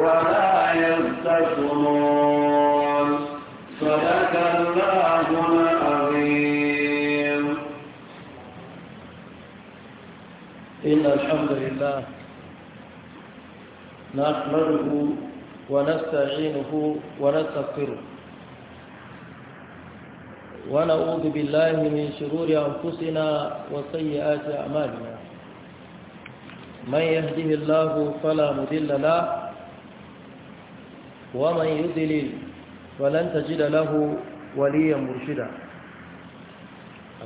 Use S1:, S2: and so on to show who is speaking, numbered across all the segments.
S1: ولا يستكبرون صدق الله العظيم
S2: إن الحمد لله نحمده ونستعينه ونستغفره ونعوذ بالله من شرور أنفسنا وسيئات أعمالنا من يهده الله فلا مذل له ومن يضلل فلن تجد له وليا مرشدا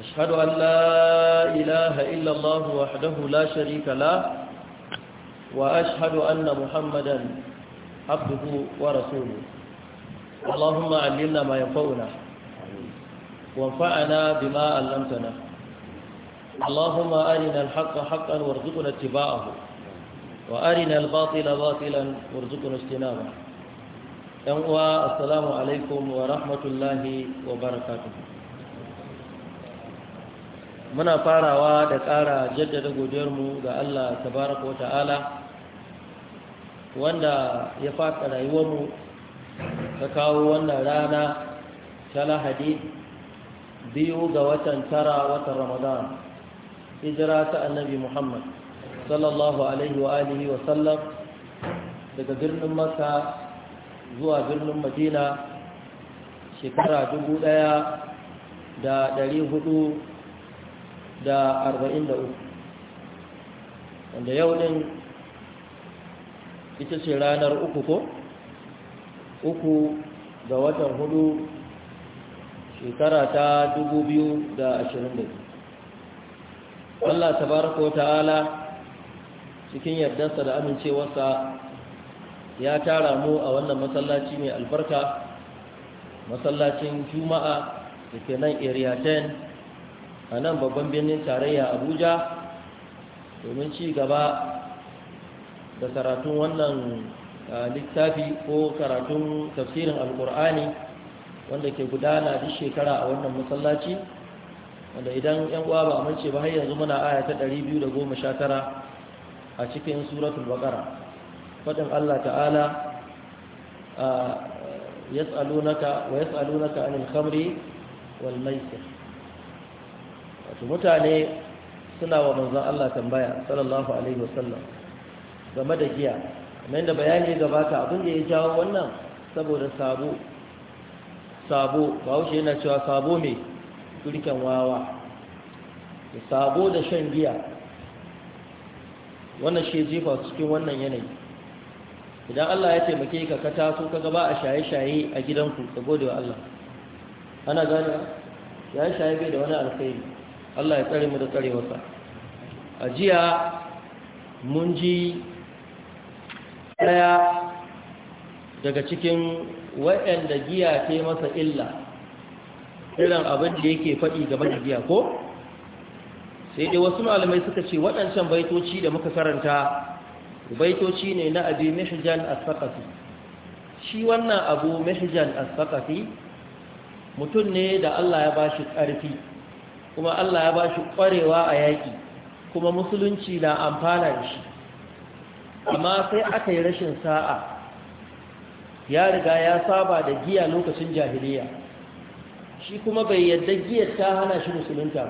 S2: أشهد أن لا إله إلا الله وحده لا شريك له وأشهد أن محمدا عبده ورسوله اللهم علمنا ما ينفعنا وانفعنا بما علمتنا اللهم أرنا الحق حقا وارزقنا اتباعه وأرنا الباطل باطلا وارزقنا اجتنابه yan uwa assalamu alaikum wa rahmatullahi wa barakatuh muna farawa da ƙara jaddada godiyarmu ga Allah tabaraka wanda ya faɗa rayuwarmu ta kawo wannan rana ta lahadi biyu ga watan tara watan ramadan hijira ta annabi muhammad sallallahu alaihi wa alihi wa sallam daga birnin maka zuwa birnin madina shekara dubu ɗaya da ɗari hudu da arba'in da uku wanda yau ɗin ita ce ranar uku ko uku ga watan hudu shekara ta dubu biyu da ashirin da biyu Allah wa ta'ala cikin yardarsa da amincewarsa ya tara mu a wannan masallaci mai albarka masallacin juma'a da ke nan area 10 a nan babban birnin tarayya abuja domin ci gaba da karatun wannan littafi ko karatun tafsirin alkur'ani wanda ke gudana duk shekara a wannan masallaci wanda idan yan uwa ba mace ba har yanzu muna aya ta 219 a cikin suratul baqara fadin Allah ta'ala ya yas'alunaka wa yas'alunaka anil khamri wal maisir wato mutane suna wa manzon Allah tambaya sallallahu alaihi wasallam game da giya kamar yadda bayani ya gabata abin da ya jawo wannan saboda sabo sabo bahaushe yana cewa sabo mai turken wawa da sabo da shan giya wannan shi jefa cikin wannan yanayi idan Allah ya taimake ka ka taso ka gaba a shaye-shaye a gidanku ka gode wa Allah ana gane shaye-shaye bai da wani alkhairi Allah ya tsare mu da tsare wasa a jiya mun ji ɗaya daga cikin waɗanda giya ta masa illa irin abin da yake faɗi gaba da giya ko sai dai wasu malamai suka ce waɗancan baitoci da muka karanta baitoci ne na abi mihjan as-saqafi shi wannan abu mihjan as-saqafi mutum ne da Allah ya bashi ƙarfi kuma Allah ya bashi ƙwarewa a yaƙi kuma musulunci na amfana da shi amma sai aka yi rashin sa'a ya riga ya saba da giya lokacin jahiliya shi kuma bai yadda giyar ta hana shi musulunta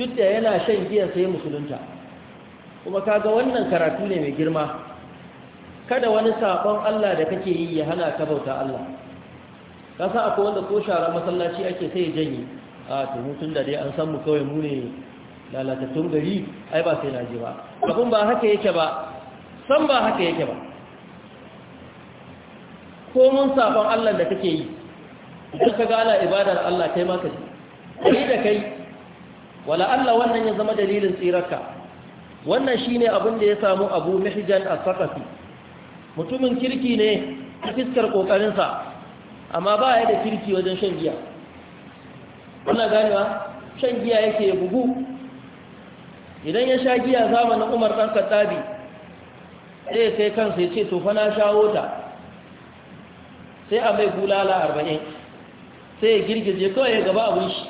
S2: duk da yana shan giya sai musulunta kuma kaga wannan karatu ne mai girma kada wani sabon Allah da kake yi ya hana ka bauta Allah ka sa akwai wanda ko sharar masallaci ake sai janye a to mutun da dai an san mu kawai mu ne lalatattun gari ai ba sai naje ba abun ba haka yake ba san ba haka yake ba ko mun sabon Allah da kake yi idan ka ga ala ibadar Allah kai ma ka ji kai da kai wala Allah wannan ya zama dalilin tsirarka wannan shine abin da ya samu abu mihjan as-saqafi mutumin kirki ne a fiskar kokarinsa amma ba ya da kirki wajen shan giya kuna ganewa shan giya yake bugu idan ya sha giya zamanin umar ɗan kattabi sai kai kansa ya ce tofa na shawo ta sai a mai bulala arba'in sai ya girgije kawai ya gaba abin shi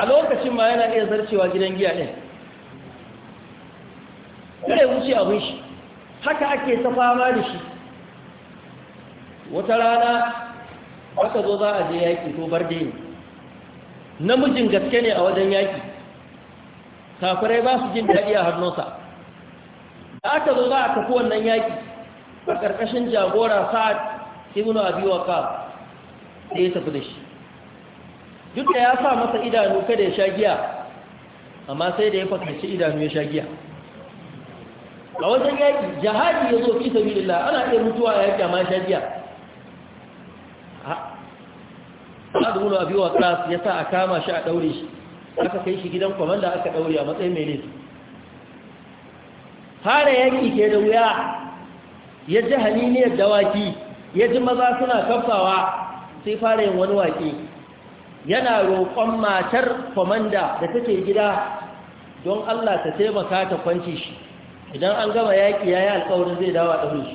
S2: a lokacin ma yana iya zarcewa gidan giya ɗin ya wuce abin shi haka ake ta fama da shi wata rana wata zo za a je yaƙi ko barde ne namijin gaske ne a wajen yaƙi kafirai ba su jin daɗi a hannunsa da aka zo za a tafi wannan yaƙi a ƙarƙashin jagora sa'ad ibnu abi waqa da ya tafi da shi duk da ya sa masa idanu kada ya sha giya amma sai da ya fakarci idanu ya sha giya a wajen yaƙi jihadi ya zo fi lalla, ana iya mutuwa ya yaƙi ma shajiya Sa'ad ibn Abi Waqqas ya sa a kama shi a ɗaure shi aka kai shi gidan kwamanda aka ɗaure a matsayin mai laifi fara yaƙi ke da wuya ya ji haliniyar dawaki ya ji maza suna kafawa sai fara yin wani waƙe yana roƙon matar kwamanda da take gida don Allah ta taimaka ta kwanci shi idan an gama yaƙi ya yi alƙawarin zai dawa ɗaure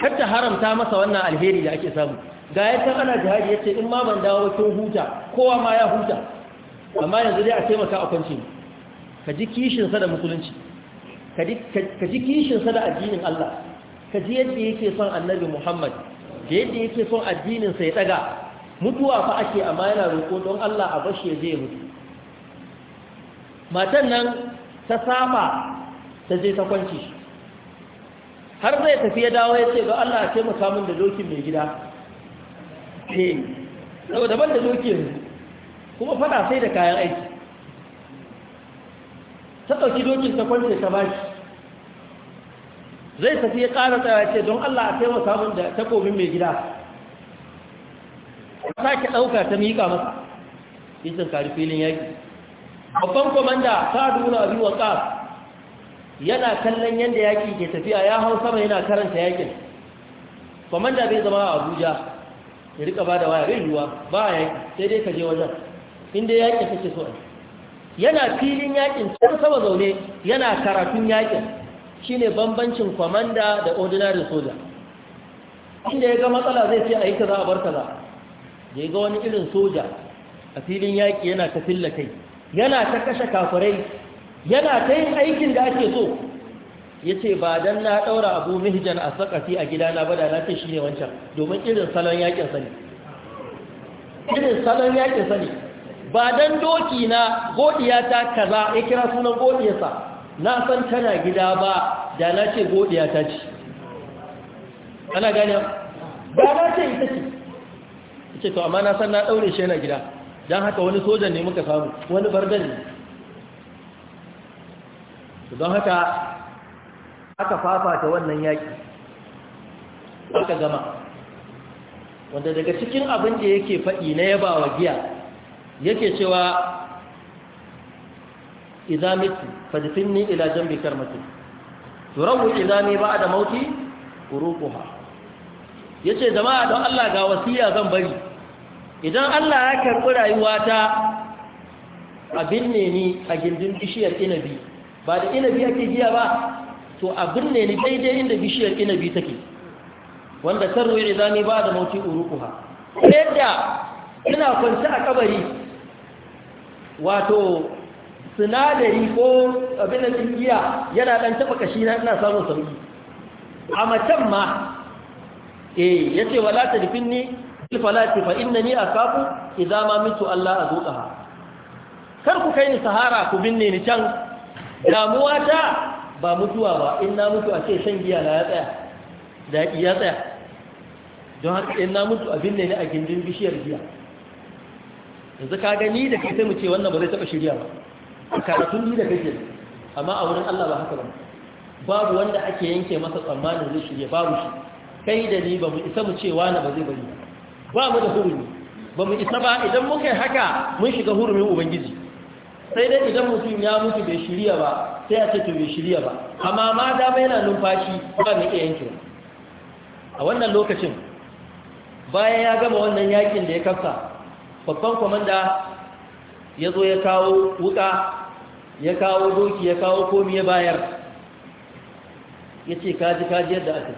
S3: shi kar haramta masa
S2: wannan alheri da ake samu ga ya ana jihadi ya ce in ma ban dawo kin huta kowa ma ya huta amma yanzu dai a taimaka a kwance ka ji kishinsa da musulunci ka ji kishinsa da addinin Allah ka ji yadda yake son annabi Muhammad da yadda yake son addininsa ya daga mutuwa fa ake amma yana roƙo don Allah a bashi ya je ya mutu matan nan ta saba ta je ta kwanci shi har zai tafi ya dawo ya ce ga Allah ce mu samun da dokin mai gida eh sau daban da dokin kuma fada sai da kayan aiki ta ɗauki dokin ta kwanci ta bashi zai tafi ya ƙara tsaya ce don Allah a taimaka min da takobin mai gida ta sake ɗauka ta miƙa masa isin kari filin yaƙi babban komanda ta duna abu wa ƙasa. yana kallon yadda yaƙi ke tafiya ya hau sama yana karanta yaƙin kwamanda bai zama a abuja ya rika ba da waya bai yiwuwa ba a yaƙi sai dai ka je wajen inda yaƙin kake so a yana filin yaƙin can sama zaune yana karatun yaƙin ne bambancin kwamanda da ordinary soja inda ya ga matsala zai ce a yi kaza a bar kaza da ya ga wani irin soja a filin yaƙi yana ta filla yana ta kashe kafurai yana ta yin aikin da ake so ya ce ba don na ɗaura abu mihijan a sakati a gidana ba da na ce shi ne wancan domin irin salon yakin sani irin salon yakin sani ba don doki na godiyata kaza ya kira sunan godiyarsa na san tana gida ba da na ce godiyata ce ana gane ba na ce ita ce ce to amma na san na ɗaure shi yana gida don haka wani sojan ne muka samu wani bardan ne don haka aka fafata wannan yaƙi aka gama wanda daga cikin abin da yake faɗi na yaba wa giya yake cewa fadifin ni ila jambi karmati turawu izami ba da mauti uruquha yace jama'a don Allah ga wasiya zan bari idan Allah ya karɓi rayuwata abin ne ni a gindin bishiyar inabi ba da inabi ake giya ba to a ne ni daidai inda bishiyar inabi take wanda tarwi izami ba da mauti uruquha yadda ina kwance a kabari wato sinadari ko abin da giya yana dan taba kashi na ina samun sauki a macen ma eh yace wala tadfinni falati fa innani akafu idama mitu alla azuqaha kar ku kai ni sahara ku binne ni can damuwa ta ba mutuwa ba in na mutu a ce shan giya na ya tsaya da ya tsaya don haka in na mutu abin ne a gindin bishiyar giya yanzu ka gani da kai sai mu ce wannan ba zai taɓa shirya ba karatun ni da kake amma a wurin Allah ba haka ba babu wanda ake yanke masa tsammanin zai shirya babu shi kai da ni ba mu isa mu ce wani ba zai bari ba mu da hurumi ba mu isa ba idan muka yi haka mun shiga hurumin ubangiji sai dai idan mutum ya mutu bai shirya ba sai a ce bai shirya ba amma ma da yana numfashi ba mai iya yanke a wannan lokacin bayan ya gama wannan yakin da ya kafa babban kwamanda ya zo ya kawo wuka ya kawo doki ya kawo komi ya bayar ya ce kaji kaji yadda aka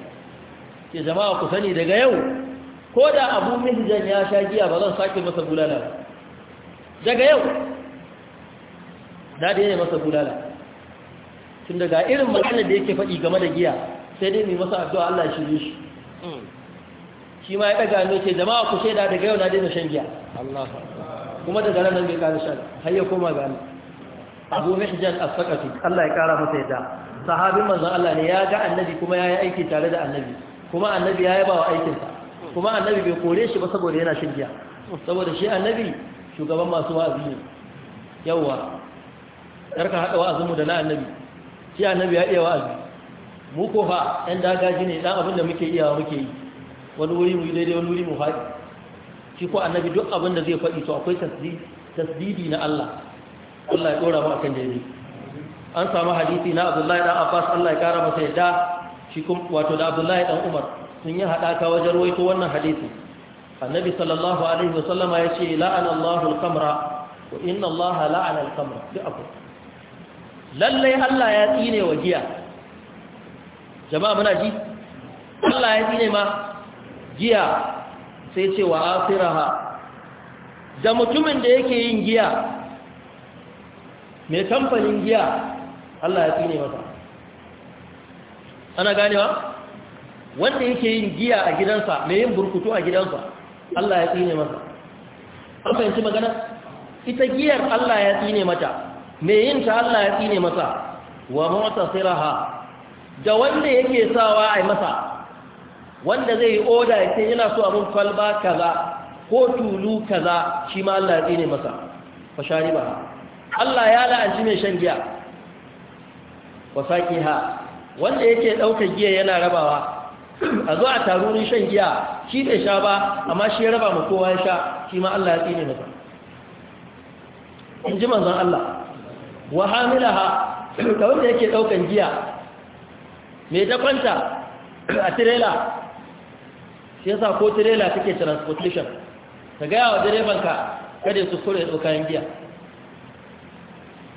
S2: ce jama'a ku sani daga yau ko da abu mihijan ya sha giya ba zan sake masa bulala daga yau da da yana masa bulala tun daga irin maganar da yake faɗi game da giya sai dai mai masa addu'a Allah shi ne shi shi ma ya ɗaga ne ce jama'a ku shaida daga yau na daina shan giya kuma daga nan bai ƙara shan har ya koma gani abu mihjan as-saqafi Allah ya ƙara masa yadda sahabin manzon Allah ne ya ga annabi kuma ya yi aiki tare da annabi kuma annabi ya yaba wa aikinsa kuma annabi bai kore shi ba saboda yana shan giya saboda shi annabi shugaban masu wa'azi ne yawwa karka haɗa wa'azinmu da na annabi shi annabi ya iya wa'azi mu ko fa ɗan dagaji ne ɗan abin da muke iya muke yi wani wuri mu yi daidai wani wuri mu faɗi shi ko annabi duk abin da zai faɗi to akwai tasdidi na Allah Allah ya ɗora mu akan daidai an samu hadisi na Abdullahi ɗan Abbas Allah ya ƙara masa yadda shi kuma wato da Abdullahi ɗan Umar sun yi haɗaka wajen rawaito wannan hadisi annabi sallallahu alaihi wa sallama ya ce la'ana Allahu al-khamra wa inna Allah la'ana al kamra duk akwai lallai Allah ya tsine wa giya jama'a muna ji Allah ya tsine ma giya sai ce wa asiraha da mutumin da yake yin giya mai kamfanin giya Allah ya tsine masa ana ganewa wanda yake yin giya a gidansa mai yin burkutu a gidansa Allah ya tsine masa an fahimci magana ita giyar Allah ya tsine mata me yin ta Allah ya tsine masa wa mu'tasiraha da wanda yake sawa ai masa wanda zai yi oda ya ce yana so abin kwalba kaza ko tulu kaza shi ma Allah ya tsine masa fa shariba Allah ya la'anci mai shan giya wa saqiha wanda yake daukar giya yana rabawa a zo a tarurin shan giya shi bai sha ba amma shi ya raba ma kowa ya sha shi ma Allah ya tsine masa in ji manzon Allah wa hamilaha ka wanda yake daukan giya me ta kwanta a tirela shi yasa ko tirela take transportation ka gaya wa direban ka kada su kore daukan giya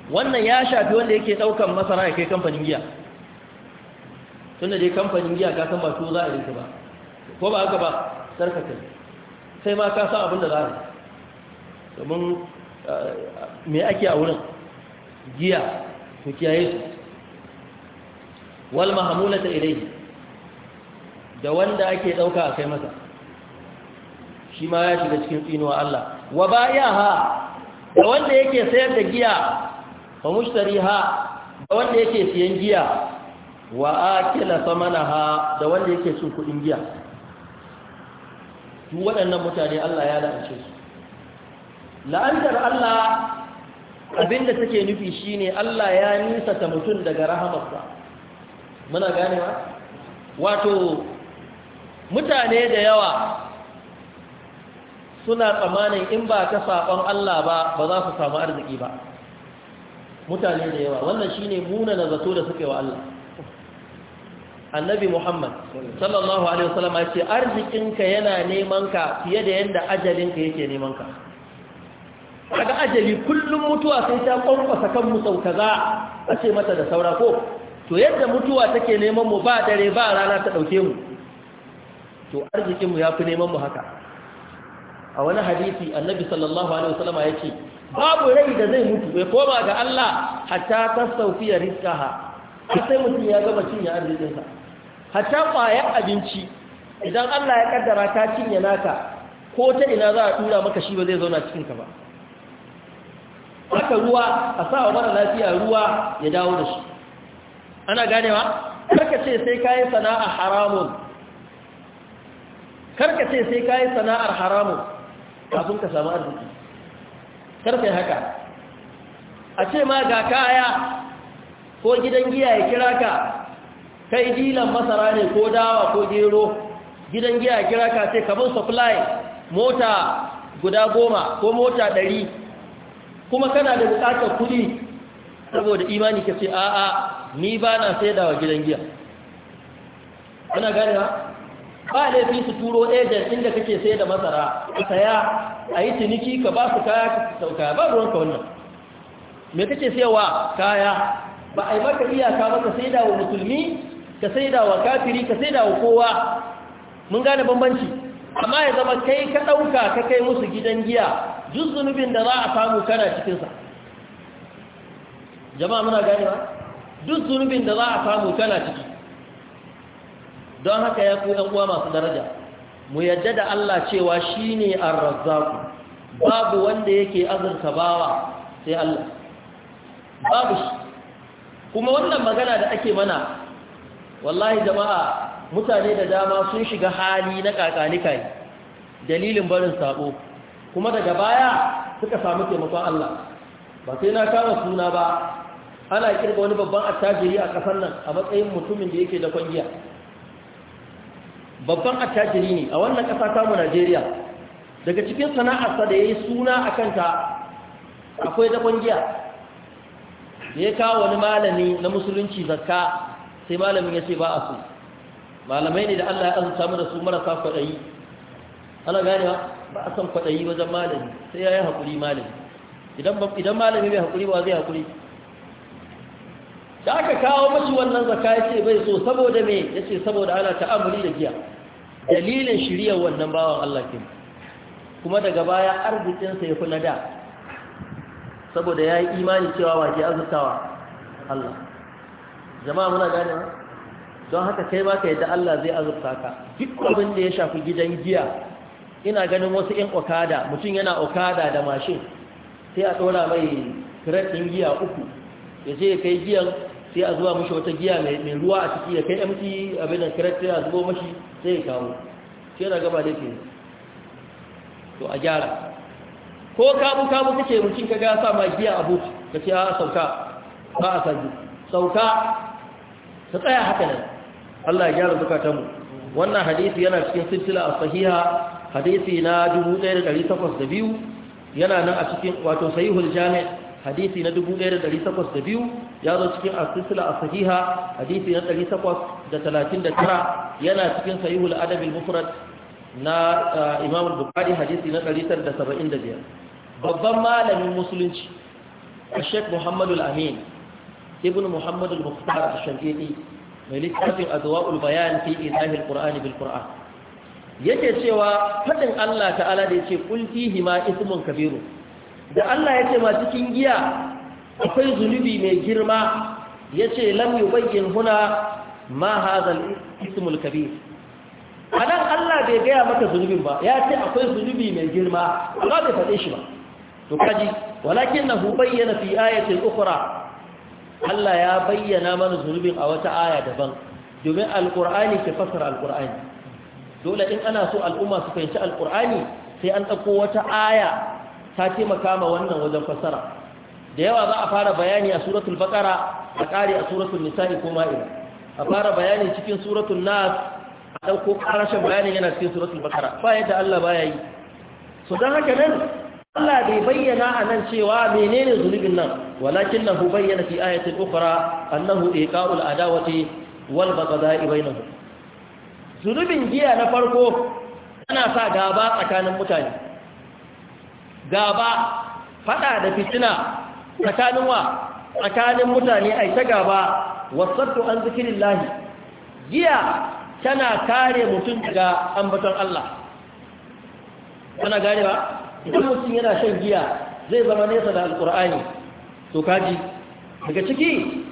S2: wannan ya shafi wanda yake daukan masara ya kai kamfanin giya tunda dai kamfanin giya ka san ba su za a yi ba ko ba haka ba sarkaka sai ma ka san abin da za a yi domin eh, me ake a wurin giya ku kiyaye su wal mahamulata ilayhi da wanda ake dauka a kai masa shi ma ya shiga cikin tsinuwa Allah wa bayaha da wanda yake sayar da giya fa mushtariha da wanda yake siyan giya wa akila samanaha da wanda yake cin kudin giya duk waɗannan mutane Allah ya la'ance su la'antar Allah abinda take nufi shine Allah ya nisata mutum daga rahamarsa muna ganewa wato mutane da yawa suna tsamanin in ba ka saɓon Allah ba ba za su samu arziki ba mutane da yawa wannan shine muna na zato da suke wa Allah annabi Muhammad sallallahu alaihi wasallam ya ce arzikinka yana neman ka fiye da yanda ajalinka yake neman ka kaga ajali kullum mutuwa sai ta kwankwasa kan mu sau kaza a ce mata da saura ko to yadda mutuwa take neman mu ba dare ba rana ta dauke mu to arzikin mu yafi neman mu haka a wani hadisi annabi sallallahu alaihi wasallama yace babu rai da zai mutu bai koma ga Allah hatta ta saufiya rizqaha sai mutum ya gama cinye arzikinsa hatta kwaya abinci idan Allah ya kaddara ta cinye naka ko ta ina za a tura maka shi ba zai zauna cikin ka ba haka ruwa a sawa mara lafiya ruwa ya dawo da shi ana ganewa karka ce sai kayi sana'ar haramun karka ce sai kayi sana'ar haramun kafin ka samu arziki karfe haka a ce ma ga kaya ko gidan giya ya kira ka kai dilan masara ne ko dawa ko gero gidan giya ya kira ka sai kamar supply mota guda goma ko mota ɗari kuma kana da bukatar kuɗi saboda imani ka ce a'a ni ba na saidawa gidan giya kana gane ba ba laifin su turo ejen inda kake sai da masara ka saya a yi ciniki ka ba su kaya ka sauka ba ka wannan me kake sayawa kaya ba a yi maka iyaka ba ka saida wa musulmi ka saida wa kafiri ka saida wa kowa mun gane bambanci amma ya zama kai ka ɗauka ka kai musu gidan giya duk zunubin da za a samu kana cikinsa jama'a muna ba duk zunubin da za a samu kana ciki don haka ya ku yan uwa masu daraja mu yadda da Allah cewa shine ar-razzaq babu wanda yake azurta bawa sai Allah babu shi kuma wannan magana da ake mana wallahi jama'a mutane da dama sun shiga hali na kakalikai dalilin barin sabo kuma daga baya suka samu taimakon Allah ba sai na kama suna ba ana kirga wani babban attajiri a kasar nan a matsayin mutumin da yake da kwangiya babban attajiri ne a wannan kasa tamu Najeriya daga cikin sana'arsa da yayi suna akan ta akwai da kwangiya da ya kawo wani malami na musulunci zakka sai malamin ya ce ba a so malamai ne da Allah ya azurta mu da su marasa kwaɗayi ana ganewa ba a san kwaɗayi wajen malami sai ya yi haƙuri malami idan malami bai haƙuri ba zai haƙuri da aka kawo mashi wannan zaka ya ce bai so saboda me ya ce saboda ana ta'amuri da giya dalilin shirya wannan bawan Allah ke kuma daga baya arzikinsa ya fi na da saboda ya yi imani cewa waje azurtawa Allah jama'a muna gane don haka kai ba ka yadda Allah zai azurta ka duk abin da ya shafi gidan giya ina ganin wasu ƴan okada mutum yana okada da mashin sai a ɗora mai kiratin ɗin giya uku ya ce ya kai giyan sai a zuwa mashi wata giya mai ruwa a ciki ya kai mt abin da kiratin sai a zubo mashi sai ya kawo sai na gaba da ke to a gyara ko kabu kabu kake mutum ka ga sa ma giya a buci ka ce a sauka ba a sanji sauka ta tsaya haka nan Allah ya gyara zukatanmu wannan hadisi yana cikin sintila a sahiha hadisi na 1802 yana nan a cikin wato sahihul jami' hadisi na 1802 ya zo cikin as-silsila as-sahiha hadisi na 839 yana cikin sahihul adab al-mufrad na uh, imam al-bukhari hadisi na 975 babban malamin musulunci Sheikh Muhammad al-Amin ibn Muhammad al-Mukhtar al-Shankiti mai littafin Adwa'ul Bayan fi Izahil Qur'ani bil Qur'an yake cewa fadin Allah ta'ala da yake kulti hima ismun kabiru da Allah yake ma cikin giya akwai zunubi mai girma yace lam yubayyin huna ma hadha ismul kabir
S1: anan Allah bai gaya maka zunubin
S2: ba yace akwai zunubi mai girma ba bai faɗe shi ba to kaji walakinahu bayyana fi ayatin ukhra Allah ya bayyana mana zunubin a wata aya daban domin alqur'ani ke fasara alqur'ani dole in ana so al'umma su fahimci alkur'ani sai an ɗauko wata aya ta taimaka ma wannan wajen fassara da yawa za a fara bayani a suratul baqara a ƙare a suratul nisa'i ko ma'ida a fara bayani cikin suratul nas a ɗauko ƙarashin bayani yana cikin suratul baqara ba yadda Allah baya yi so haka nan Allah bai bayyana a nan cewa menene zunubin nan walakin nahu bayyana fi ayatin ukhra annahu iqa'ul adawati wal baghdha'i bainahum zunubin giya na farko tana sa gaba tsakanin mutane gaba fada da fitina tsakanin wa tsakanin mutane ai ta gaba wasattu an zikirin lahi giya tana kare mutum daga ambaton Allah kana gane ba idan mutum yana shan giya zai zama nesa da alkur'ani to kaji daga ciki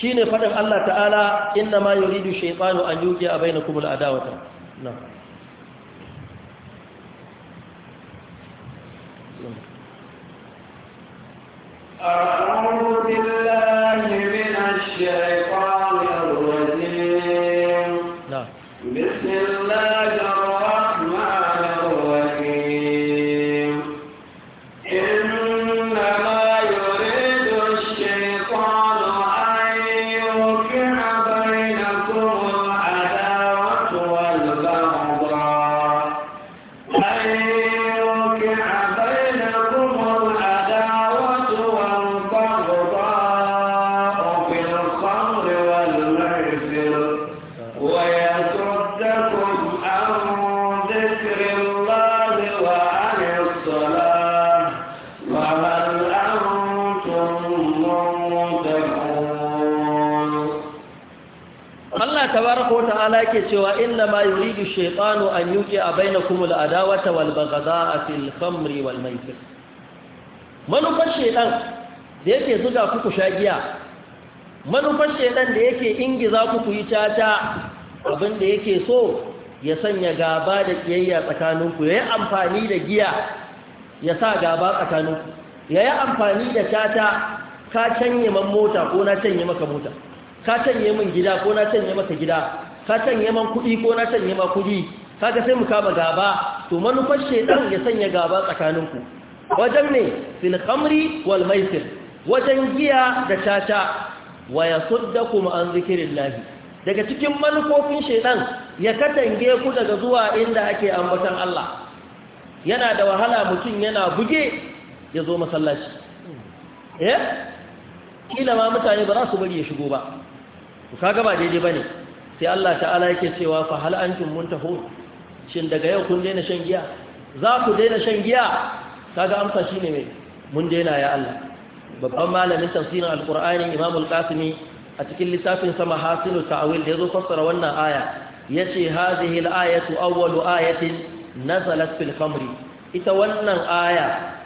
S2: Shi ne faɗin Allah ta'ala inna ma yuridu shaifanu an yuki a bai na
S1: أعوذ بالله
S2: shaitanu an yuke a baina kuma kumul adawata wal bagaza a fil khamri wal maifir manufar shaitan da yake zuga kuku shagiya manufar shaitan da yake ingiza kuku cata caca abinda yake so ya sanya gaba da kiyayya tsakaninku ya yi amfani da giya ya sa gaba tsakaninku ya yi amfani da cata, ka canye man mota ko na canye maka mota ka canye min gida ko na canye maka gida ka sanya man kuɗi ko na sanya ma kuɗi kaga sai mu kama gaba to manufar shedan ya sanya gaba tsakaninku wajen ne fil khamri wal maisir wajen giya da caca. wa yasuddakum an zikrillah daga cikin manufofin shedan ya katange ku daga zuwa inda ake ambatan Allah yana da wahala mutum yana buge ya zo masallaci eh kila ma mutane ba za su bari ya shigo ba ku kaga ba daidai bane sai Allah ta'ala yake cewa fa hal antum muntahun shin daga yau kun daina shan giya za ku daina shan giya kaga amsa shine mai mun daina ya Allah babban malamin tafsirin alqur'ani Imam al-Qasimi a cikin littafin sama hasilu ta'wil da yazo fassara wannan aya yace hadhihi al-ayatu awwalu ayatin nazalat fil khamri ita wannan aya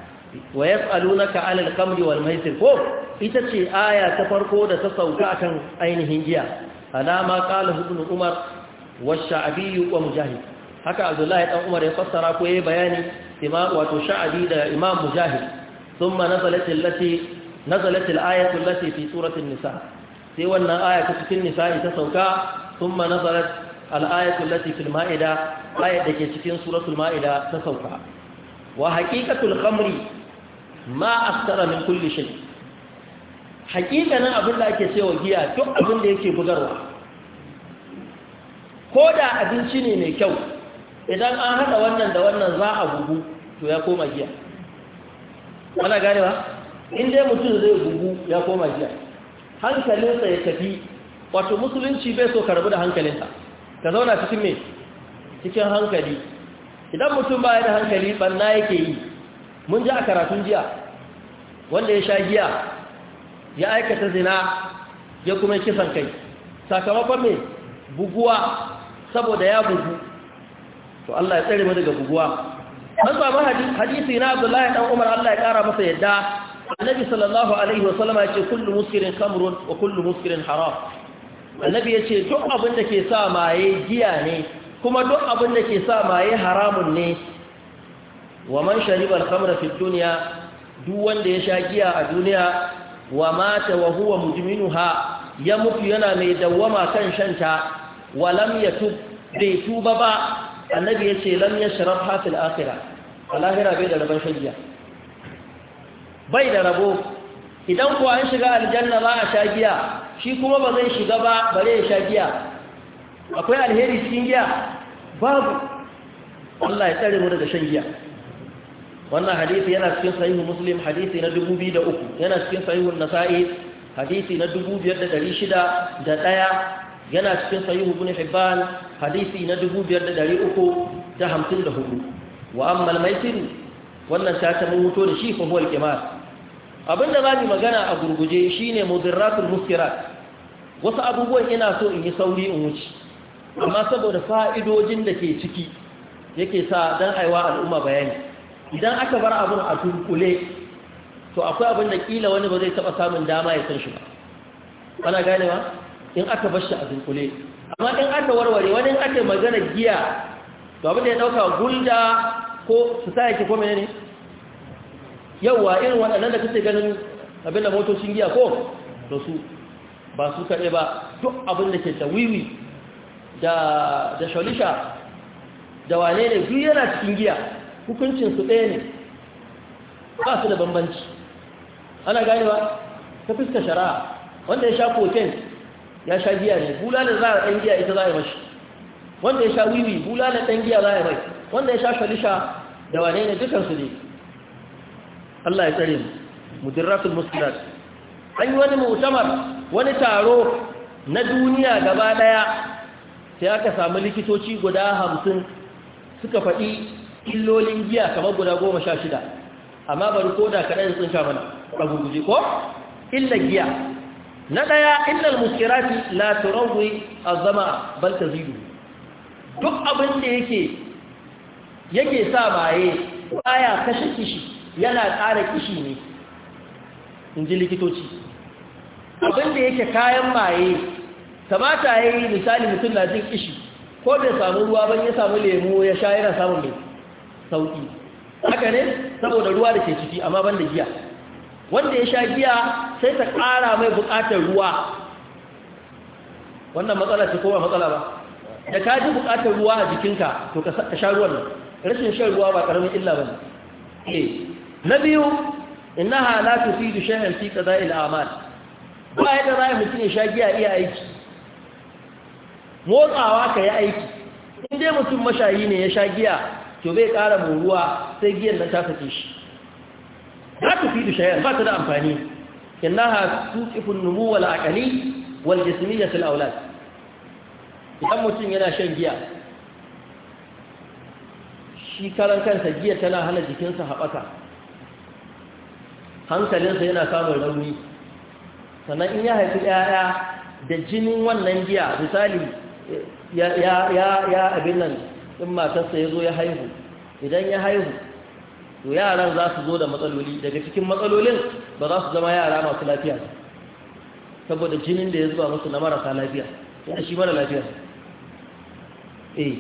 S2: wa yas'alunaka 'anil khamri wal maisir ko ita ce aya ta farko da ta sauka akan ainihin giya alama ƙala ibn umar wa sha'bi wa mujahid haka abdullahi dan umar ya fassara ko yayi bayani imam wato sha'bi da imam mujahid thumma nazalat allati nazalat al allati fi surati an-nisa sai wannan aya ta cikin nisa ta sauka thumma nazalat al allati fil ma'ida ayat da ke cikin suratul ma'ida ta sauka wa haqiqatul khamri ma aktara min kulli shay' Haƙiƙanin abin da ake cewa giya duk abin da yake bugarwa ko da abinci ne mai kyau idan an haɗa wannan da wannan za a gugu to ya koma giya ana ganewa inda mutum zai gugu ya koma giya hankalinsa ya tafi wato musulunci bai so rabu da hankalinsa ka zauna cikin mai cikin hankali idan mutum baya da hankali banna yake yi mun ji a karatun jiya wanda ya sha giya ya aikata zina ya kuma kisan kai sakamakon mai buguwa saboda ya bugu to Allah ya tsare mu daga buguwa an samu hadisi na Abdullahi dan Umar Allah ya kara masa yadda annabi sallallahu alaihi wa sallama yace kullu muskirin kamrun wa kullu muskirin haram annabi yace duk abin da ke sa maye giya ne kuma duk abin da ke sa maye haramun ne wa man shariba al-khamra fi dunya duk wanda ya sha giya a duniya wa mata wa huwa mujminuha ya mutu yana mai dawwama kan shanta wa lam yatub bai tuba ba annabi yace lam yashrab hatil akhirah alahira bai da rabon shagiya bai da rabo idan ku an shiga aljanna ba a sha giya shi kuma ba zai shiga ba bare ya sha giya akwai alheri cikin giya babu Allah ya tsare mu daga shan giya wannan hadisi yana cikin sahihu muslim hadisi na 2003 yana cikin sahihu nasa'i hadisi na 5601 yana cikin sahihu ibn hibban hadisi na 5354 wa amma al-maisir wannan ta ta mutu da shi fa huwa al-qimar abinda zamu magana a gurguje shine mudirratul muskirat wasu abubuwan ina so in yi sauri in wuce amma saboda fa'idojin da ke ciki yake sa dan aiwa al'umma bayani idan aka bar abin a tunkule to akwai abin da kila wani ba zai taba samun dama ya san shi ba ana gane ba in aka bar shi a tunkule amma in aka warware wani in aka magana giya to abin da ya dauka gulda ko su sa yake ko menene yawa irin waɗannan da kake ganin abin da motocin giya ko to su ba su kaɗai ba duk abin da ke da wiwi da shalisha da wane ne duk yana cikin giya hukuncin su ɗaya ne ba su da bambanci ana gane ba ta fuska shari'a wanda ya sha koken ya sha giya ne bulalar za a ɗan giya ita za a yi mashi wanda ya sha wiwi bulalar ɗan giya za a yi mai wanda ya sha shalisha da wane ne dukansu ne Allah ya tsare mu mudirratul muslimat an yi wani mutamar wani taro na duniya gaba daya sai aka samu likitoci guda hamsin suka faɗi illolin giya kamar guda goma sha shida amma bari ko da da sun sha mana a guji ko illa giya na ɗaya illal muskirati la a zama bal zidu duk abin da yake yake sa maye baya kashe kishi yana ƙara kishi ne in ji likitoci abin da yake kayan maye kamata ya yi misali mutum na jin kishi ko bai samu ruwa ban ya samu lemu ya sha yana samun mai sauki haka ne saboda ruwa da ke ciki amma ban da giya wanda ya sha giya sai ta ƙara mai buƙatar ruwa wannan matsala ce kowa matsala ba da ka ji buƙatar ruwa a jikinka to ka sha ruwan nan rashin shan ruwa ba ƙaramin illa ba ne eh. na biyu innaha la tufidu shay'an fi qada'il a'mal ba yadda za mutum ya sha giya iya aiki motsawa ka yi aiki in dai mutum mashayi ne ya sha giya to bai ƙara muruwa sai giyan nan ta sake shi za ta fi da shayar ba ta da amfani innaha tuqifun numu wal aqli wal jismiyyah al awlad idan mutum yana shan giya shi karan kansa giya tana hana jikinsa haɓaka hankalinsa yana samun rauni sannan in ya haifi 'ya'ya da jinin wannan giya misali ya abin nan in matarsa ya zo ya haihu idan ya haihu to yaran za su zo da matsaloli daga cikin matsalolin ba za su zama yara masu lafiya saboda jinin da ya zuba musu na marasa lafiya ya shi mara lafiya eh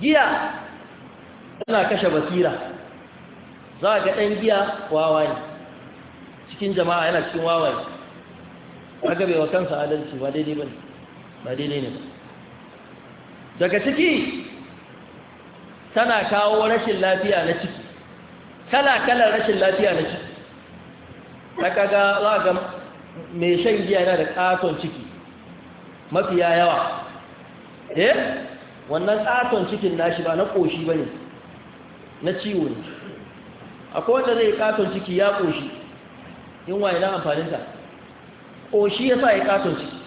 S2: giya tana kashe basira za ga ɗan giya wawa ne cikin jama'a yana cikin wawa ne gabewa kansa adalci ba daidai ba ba daidai ne ba daga ciki tana kawo rashin lafiya na ciki kala-kalar rashin lafiya na ciki ta kaga za ga mai shan giya yana da ƙaton ciki mafiya yawa eh wannan ƙaton cikin nashi ba na ƙoshi ba ne na ciwo ne A kowace zai ƙaton ciki ya ƙoshi yin wa yana amfaninta ƙoshi ya sa ya ƙaton ciki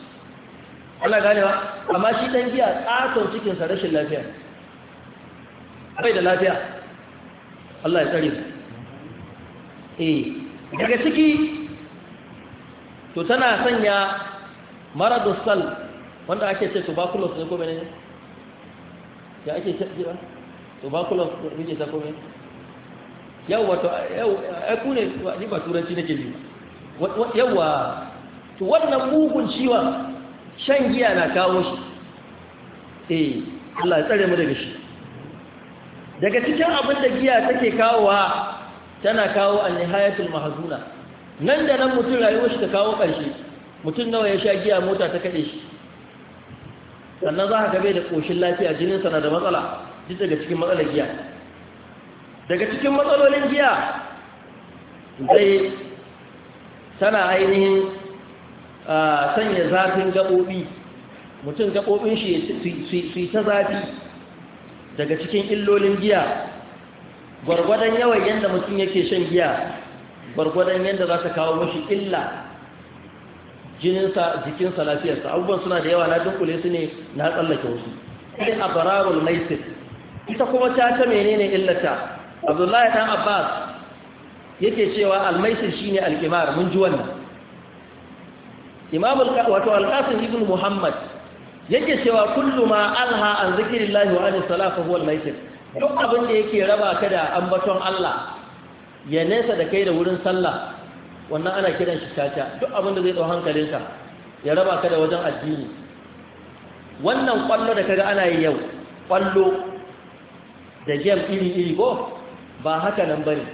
S2: ana ganewa amma shi ɗan giya tsaton cikinsa rashin lafiya bai da lafiya Allah ya tsare eh daga ciki to tana sanya maradus sal wanda ake ce tuberculosis ne ko mene ne ya ake ce jira tuberculosis ne kome. ta ko mene yau wato yau ku ne ni ba turanci nake ji yauwa to wannan mugun ciwon shan giya na kawo shi eh Allah ya tsare mu daga shi daga cikin abin da giya take kawowa tana kawo an nihayatul mahzuna nan da nan mutum rayuwar shi ta kawo ƙarshe mutum nawa ya sha giya mota ta kaɗe shi sannan za ka gabe da ƙoshin lafiya jininsa na da matsala duk daga cikin matsalar giya daga cikin matsalolin giya zai tana ainihin sanya zafin gaɓoɓi mutum gaɓoɓin shi su yi ta zafi daga cikin illolin giya gwargwadon yawan yadda mutum yake shan giya gwargwadon yadda za ta kawo mashi illa jininsa jikinsa lafiyarsa abubuwan suna da yawa na dunkule su ne na tsallake wasu ɗin a bararul maisir ita kuma ta ta menene illata abdullahi ɗan abbas yake cewa almaisir shine alƙimar mun ji wannan imam wato al-qasim ibn muhammad yake cewa kullu ma alha an zikrillahi wa an salafa huwa al duk abin da yake raba ka da ambaton Allah ya nesa da kai da wurin sallah wannan ana kiran shi caca duk abin da zai dau hankalinka ya raba ka da wajen addini wannan kwallo da kaga ana yi yau kwallo da game iri-iri ko ba haka nan bane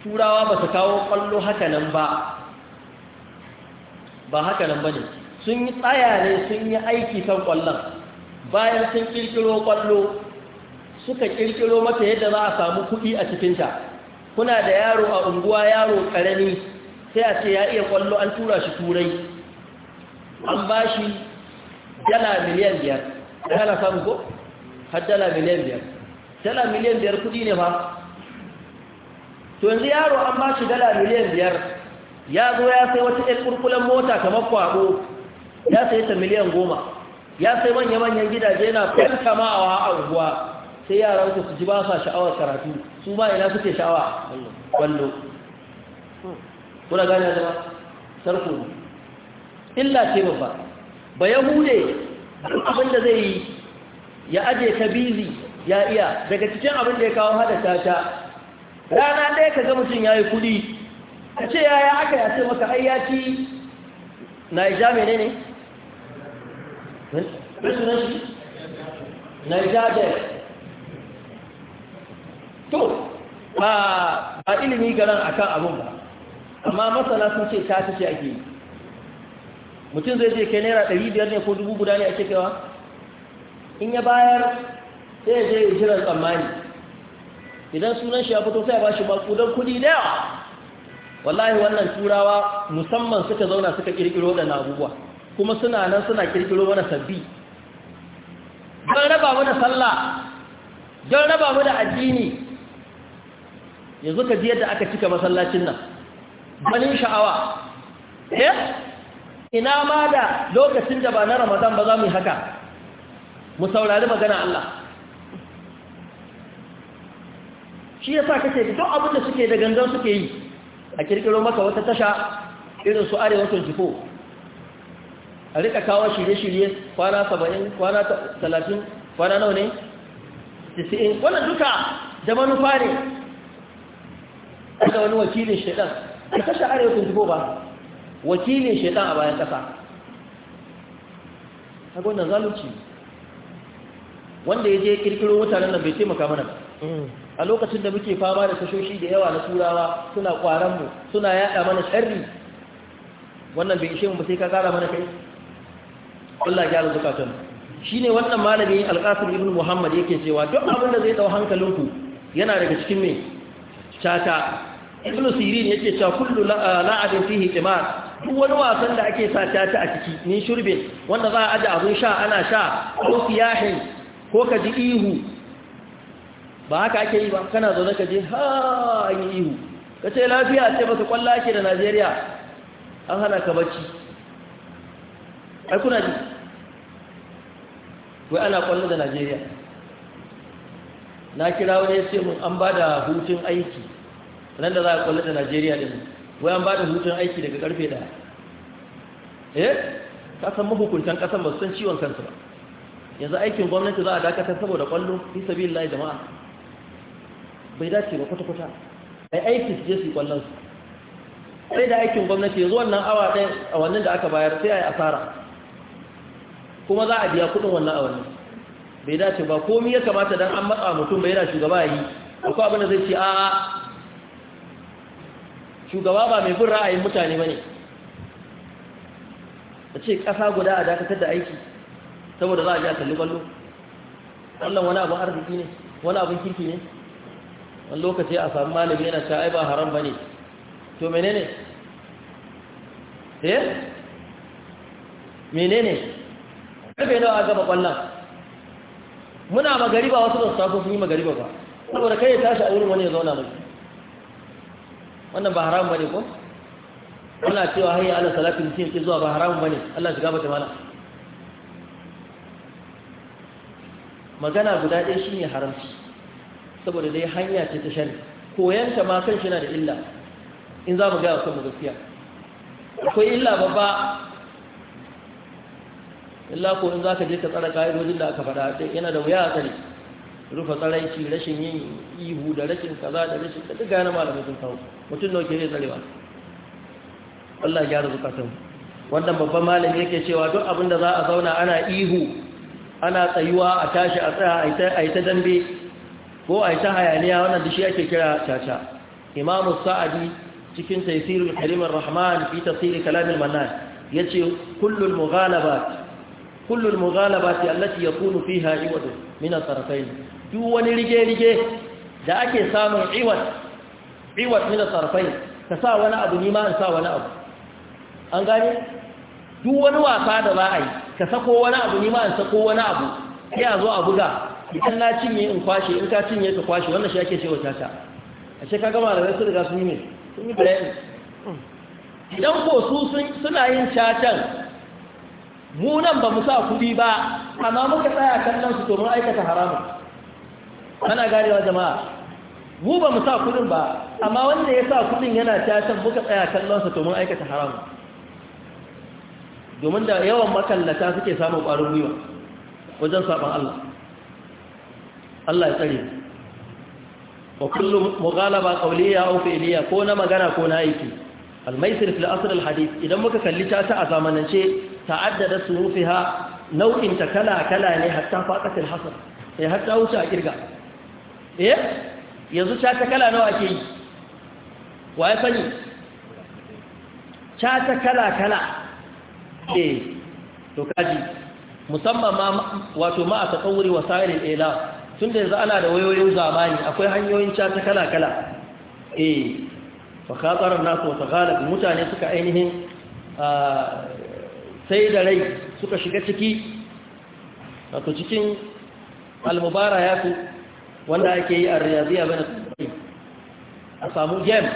S2: turawa ba su kawo kwallo haka nan ba ba haka nan ba ne. sun yi tsaya ne sun yi aiki kan kwallon bayan sun kirkiro kwallo suka kirkiro mata yadda za a samu kuɗi a cikinta kuna da yaro a unguwa yaro ƙarami sai a ce ya iya kwallo an tura shi turai an ba shi dala miliyan biyar dala samu ko har dala miliyan biyar dala miliyan biyar kuɗi ne ba to yanzu yaro an ba shi dala miliyan biyar ya zo ya sai wata ɗan ƙurƙulan mota kamar kwaɓo ya sai ta miliyan goma ya sai manya-manyan gidaje na kwan kama a unguwa sai yaran ku su ji ba sa sha'awar karatu su ma ina suke sha'awa wallo kuna gane zama sarko illa ce babba ba ya hude abin da zai yi ya aje ta bizi ya iya daga cikin abin da ya kawo hada tata rana ɗaya ka ga mutum ya yi kuɗi ka ce yaya aka yace maka ai ya ci naija mene ne? na shi? naija to ba ilimi garan akan abun ba amma masana sun ce ta ce ake yi mutum zai je kai naira ɗari biyar ne ko dubu guda ne a kaiwa in ya bayar sai ya je jiran tsammani idan sunan shi ya fito sai ya ba shi makudan kudi da yawa wallahi wannan turawa musamman suka zauna suka kirkiro da nabuwa kuma suna nan suna kirkiro mana sabbi don raba mu da sallah don raba mu da addini yanzu ka ji yadda aka cika masallacin nan banin sha'awa eh ina ma da lokacin da ba na ramadan ba za mu yi haka mu saurari magana Allah shi yasa kace duk abin da suke da gangan suke yi a kirkiro maka wata tasha irin su arewa 24 a rika kawo shirye-shirye kwana 70 kwana 30 kwana nawa ne 90 wannan duka da manufa ne daga wani wakilin shaidan a tasha arewa 24 ba wakilin shaidan a bayan kasa ta gwanda zalunci wanda ya je kirkiro mutanen da bai taimaka mana ba mm. a lokacin da muke fama da tashoshi da yawa na turawa suna kwaranmu suna yada mana sharri wannan bai ishe mu ba sai ka kara mana kai Allah ya rubuta Shi shine wannan malami Al-Qasim ibn Muhammad yake cewa duk abin da zai dau hankalinku yana daga cikin me tata Ibn Sirin yake cewa kullu ah, la'abin fihi qimar duk wani wasan da ake sa ta a ciki ni shurbe wanda za a aje abin sha ana sha ko siyahin ko kaji ihu ba haka ake yi ba kana zaune ka je ha an yi ihu ka ce lafiya ce baka kwallo ake da najeriya an hana ka bacci ai kuna ji wai ana kwallo da najeriya na kira wani ya ce mun an ba da hutun aiki nan da za a kwallo da najeriya din wai an ba da hutun aiki daga karfe daya eh ka san mahukuntan kasan ba su san ciwon kansu ba yanzu aikin gwamnati za a dakatar saboda kwallo fi lai jama'a bai dace ba kwata-kwata ai aiki su je su yi kwallon su sai da aikin gwamnati ya zo wannan awa ɗaya a wannan da aka bayar sai a yi asara kuma za a biya kuɗin wannan awanni bai dace ba komi ya kamata don an matsa mutum bai yana shugaba yi akwai abin da zai ce a'a shugaba ba mai bin ra'ayin mutane ba ne a ce ƙasa guda a dakatar da aiki saboda za a ji a kalli kwallo wannan wani abin arziki ne wani abin kirki ne wani lokaci a samu malami yana cewa ai ba haram ba ne to menene eh menene karfe nawa a gaba kwallon muna magariba wasu da su sun yi magariba ba saboda kai ya tashi a wurin wani ya zauna mai wannan ba haram ba ne ko Allah cewa hayya ala salafin ce ke zuwa ba haramun ne? Allah shiga bata mana magana guda ɗaya shi ne haramci saboda dai hanya ce ta shari koyanta ma kan shi na da illa in za mu gaya kanmu gaskiya
S3: akwai illa babba
S2: illa ko in za ka je ka tsara ka'idojin da aka faɗa yana da wuya a tsari rufe tsaraici rashin yin ihu da rashin kaza da rashin da gaya na malamai sun kawo mutum na ke zai tsarewa Allah gyara zukatan wannan babban malami yake cewa duk abin da za a zauna ana ihu ana tsayuwa a tashi a tsaya a yi ta dambe ko a yi ta hayaniya wannan da shi ake kira caca imamu sa'adi cikin taisirul karimin rahman fi tafsiri kalamin mannan ya ce kullum mughalabat kullum mughalabat allati yakunu fiha iwad min as-sarfayn duk wani rige-rige da ake samun iwad iwad min as-sarfayn ka sa wani abu ni ma an sa wani abu an gane duk wani wasa da za a yi ka sako wani abu ni ma an sako wani abu sai a zo a buga idan na cinye in kwashe in ka cinye ka kwashe wannan shi ake cewa tata a ce ka gama da wasu riga sun yi ne sun yi bayan idan ko su suna yin tatan mu nan ba mu sa kudi ba amma muka tsaya kallon su domin aikata haramun Kana garewa jama'a mu ba mu sa kudin ba amma wanda ya sa kudin yana tatan muka tsaya kallon sa domin aikata haramun domin da yawan makallata suke samun ƙwarin gwiwa wajen saɓon Allah Allah ya tsare wa kullu mughalaba qawliya aw fi'liya ko na magana ko na aiki al-maisir fil asr al-hadith idan muka kalli ta ta a zamanance ta'addada surufiha nau'in ta kala kala ne hatta faqat al-hasr sai eh, ta wuce a kirga eh yanzu ta ta kala nawa ake yi wa ya sani ta ta kala kala eh to kaji musamman ma wato ma a tsawuri wasa'ir al-ila tun da yanzu ana da wayoyin zamani akwai hanyoyin cata kala-kala eh fakatsarar nasu wata galib mutane suka ainihin sai da rai suka shiga ciki wato cikin almubara ya fi wanda ake yi a riyaziya bane a samu game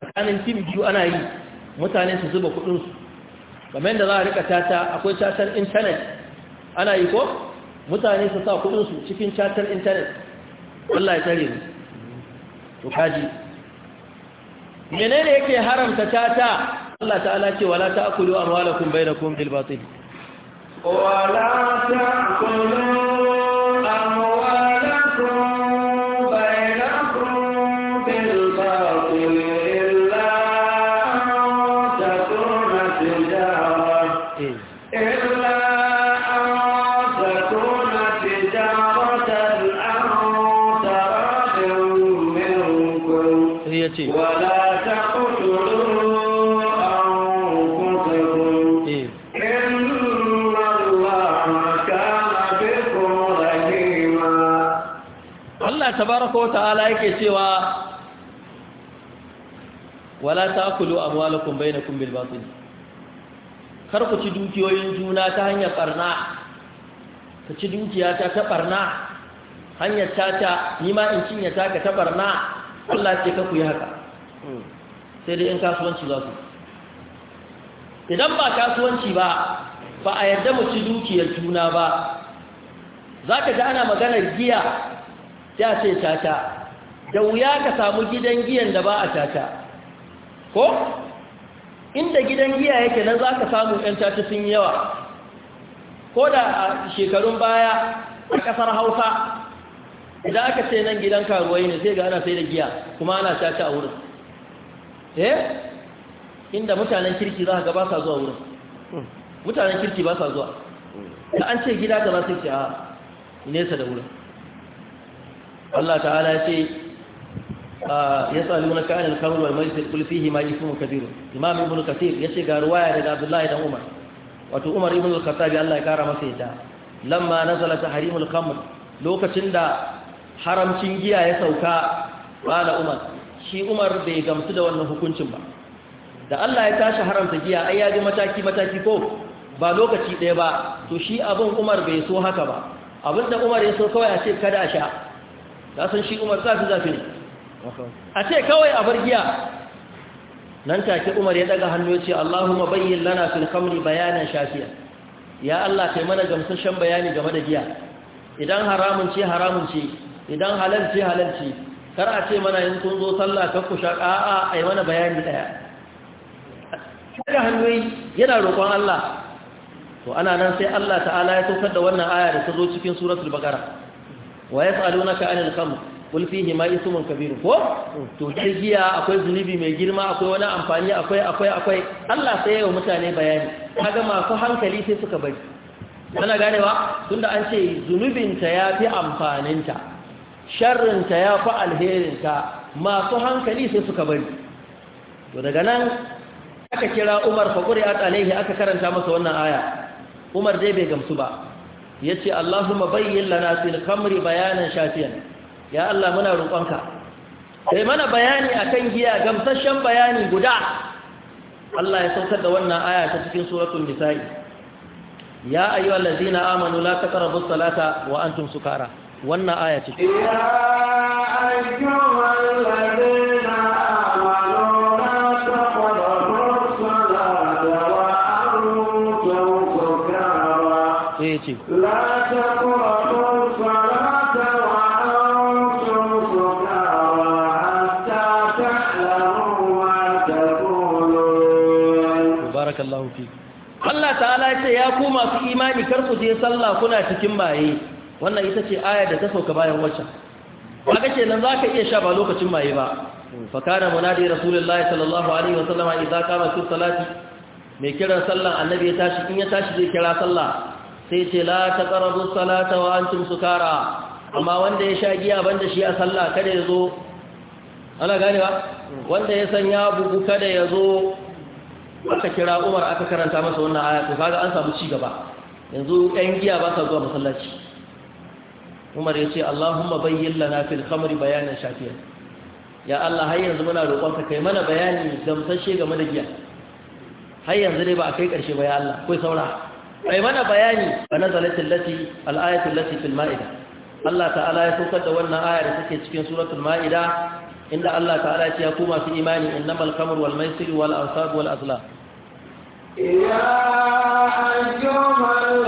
S2: tsakanin tim biyu ana yi mutane su zuba kudinsu game da za a rika tata akwai tatar intanet ana yi ko mutane su sa kudinsu cikin chatar intanet Allah ya tare mu to kaji menene yake haramta chata Allah ta'ala ce wala ta'kulu amwalakum bainakum bil batil
S1: wala ta'kulu
S2: tabaraka wa ala yake cewa wala ta'kulu amwalakum bainakum bil batil kar ku ci dukiyoyin juna ta hanyar barna ka ci dukiya ta ta barna hanyar tata ni ma in cinye ta ka ta barna Allah ce ka ku yi haka sai dai in kasuwanci za su idan ba kasuwanci ba ba a yarda mu ci dukiyar juna ba za ka ga ana maganar giya sai ce caca da wuya ka samu gidan giyan da ba a caca ko inda gidan giya yake nan za ka samu 'yan caca sun yawa ko da a shekarun baya a ƙasar hausa idan aka ce nan gidan karuwai ne sai ga ana sai da giya kuma ana caca a wurin eh inda mutanen kirki za ka gaba sa zuwa wurin mutanen kirki ba sa zuwa da an ce gida ba sai ce a ah, nesa da wurin Allah ta'ala ya ce ah, ya sa luna ka anil kamar wal majlis kul fihi ma imam ibn kathir ya ce ga ruwaya daga abdullahi dan umar wato umar ibn al-khattab Allah ya kara masa ta. lamma nazala tahrimul khamr lokacin da haramcin giya ya sauka bala umar shi umar bai gamsu da wannan hukuncin ba da Allah ya tashi haramta giya ai ya ji mataki mataki ko ba lokaci ɗaya ba to shi abin umar bai so haka ba abinda umar ya so kawai a ce kada sha ka san shi umar zafi zafi ne a ce kawai a bar giya nan take umar ya daga hannu ya ce allahumma bayyin lana fil khamri bayanan shafiya ya allah kai mana gamsashen bayani game da giya idan haramun ce haramun ce idan halal ce halal ce kar a ce mana in kun zo sallah kan ku shaka a a ai mana bayani daya daga hannu yana roƙon allah to ana nan sai allah ta'ala ya saukar da wannan aya da ta zo cikin suratul baqara wa yas'alunaka na khamr kul fihi ma ismun Kabiru ko to dai akwai zunubi mai girma akwai wani amfani akwai akwai akwai Allah sai ya mutane bayani ga masu hankali sai suka bari ana ganewa tunda an ce zunubinta ya fi amfaninta sharrinta ya fi alherinta masu hankali sai suka bari to daga nan aka kira umar faƙuri a tsanehi aka karanta masa wannan aya umar dai bai gamsu ba yace Allahumma bayyin lana fil khamri bayanan shafiyan ya Allah muna roƙonka kai mana bayani akan giya gamsashen bayani guda Allah ya saukar da wannan aya ta cikin suratul nisa'i ya Ladina amanu la taqrabus salata wa antum sukara wannan aya ce ya
S1: ayyuhallazina
S2: masu imani kar ku je sallah kuna cikin maye wannan ita ce aya da ta sauka bayan waccan kaga kenan zaka iya sha ba lokacin maye ba fa kana munadi rasulullahi sallallahu alaihi wasallam idza qama tu salati mai kiran sallan annabi ya tashi in ya tashi zai kira sallah sai ce la taqrabu salata wa antum sukara amma wanda ya sha giya banda shi a sallah kada ya zo ana ganewa wanda ya san ya bugu kada ya zo aka kira umar aka karanta masa wannan aya to kaga an samu ci gaba yanzu ɗan giya ba sa zuwa masallaci umar ya ce allahumma bayyin lana fil khamri bayanan shafiyar. ya allah har yanzu muna roƙonka kai mana bayani gamsashe game da giya har yanzu dai ba a kai ƙarshe ba ya allah kai saura kai mana bayani ba fa nazalatil lati al ayatul lati fil ma'ida Allah ta'ala ya saukar da wannan aya da take cikin suratul ma'ida inda Allah ta'ala ya ce ya kuma imani innamal khamr wal maisir wal ansab wal azlam
S1: ya ayyuhal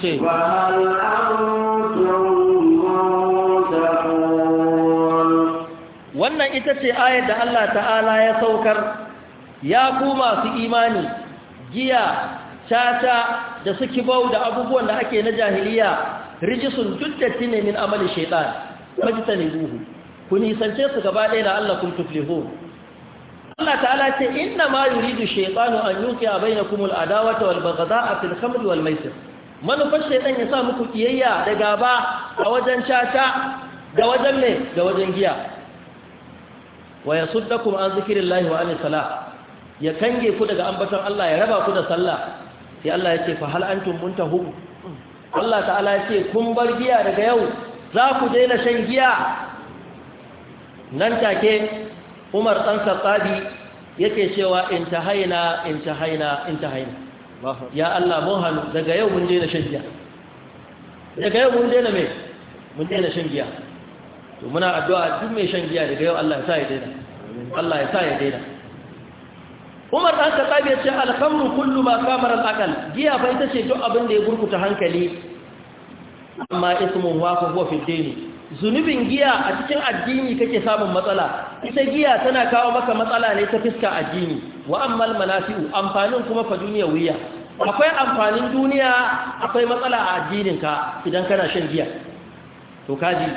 S1: ce
S2: wannan ita ce ayar da Allah ta'ala ya saukar ya ku masu imani giya caca da suke bau da abubuwan da ake na jahiliya rijisun duddatti ne min amali shaitan majita ne ruhu ku nisance su gaba ɗaya da Allah kun tuflihu Allah ta'ala ce inna ma yuridu shaytanu an yuqi'a a bainakumul adawata wal baghdha'a fil khamri wal maisir manufar shaidan ya sa muku kiyayya da gaba a wajen caca da wajen ne da wajen giya wa yasuddakum an zikrillahi wa an ya kange ku daga ambaton Allah ya raba ku da sallah sai Allah ya ce fa hal'antun antum muntahun Allah ta'ala ya ce kun bar giya daga yau za ku daina shan giya nan take Umar dan Khattabi yake cewa intahaina intahaina intahaina ya Allah mun halu daga yau mun daina shan giya daga yau mun daina me mun daina shan giya to muna addu'a duk mai shan giya daga yau Allah ya sa ya daina Allah ya sa ya daina Umar dan Khattab ya ce al-khamru kullu ma kamara al-aqal giya fa ita ce duk abin da ya burkuta hankali amma ismu wa ku huwa fi dini zunubin giya a cikin addini kake samun matsala ita giya tana kawo maka matsala ne ta fiska addini wa ammal manafi'u amfanin kuma fa duniya wuya, akwai amfanin duniya akwai matsala a addininka idan kana shan giya to kaji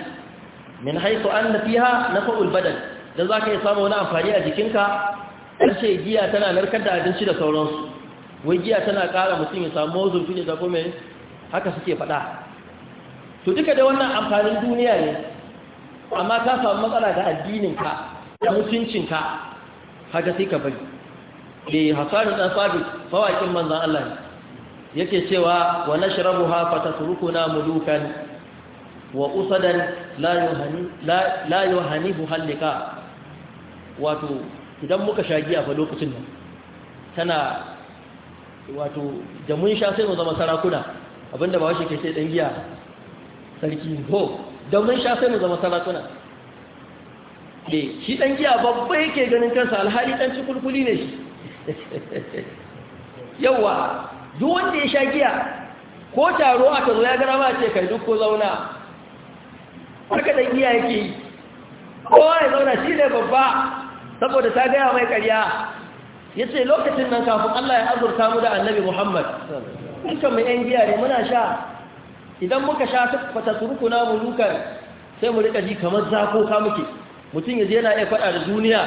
S2: min haythu anna fiha nafa'ul badan dan zaka yi samu wani amfani a jikinka sai giya tana narkar da abinci da sauransu wai giya tana ƙara mutum ya samu zurfi ne da kuma haka suke faɗa to duka da wannan amfanin duniya ne amma ka samu matsala ga addininka da mutuncinka haka sai ka bari bi eh, hasan dan sabit fawakin manzan Allah yake cewa wa nashrabuha fatasrukuna mulukan wa usadan la yuhani la la yuhanibu halika wato idan muka shagi a lokacin nan tana wato da mun sha sai mu zama sarakuna abinda ba washe ke sai dan giya sarki ho da mun sha sai mu zama sarakuna eh shi dan giya babba yake ganin kansa alhali dan cikulkuli ne shi Yawwa duk wanda ya sha giya ko taro aka zo ya gara mace ce kai duk ko zauna harka da giya yake yi kowa ya zauna shi ne babba saboda ta gaya mai karya ya ce lokacin nan kafin Allah ya azurta mu da annabi Muhammad dukkan mai 'yan giya ne muna sha idan muka sha fata na mulukan sai mu rika ji kamar zako ka muke mutum ya je yana iya faɗa da duniya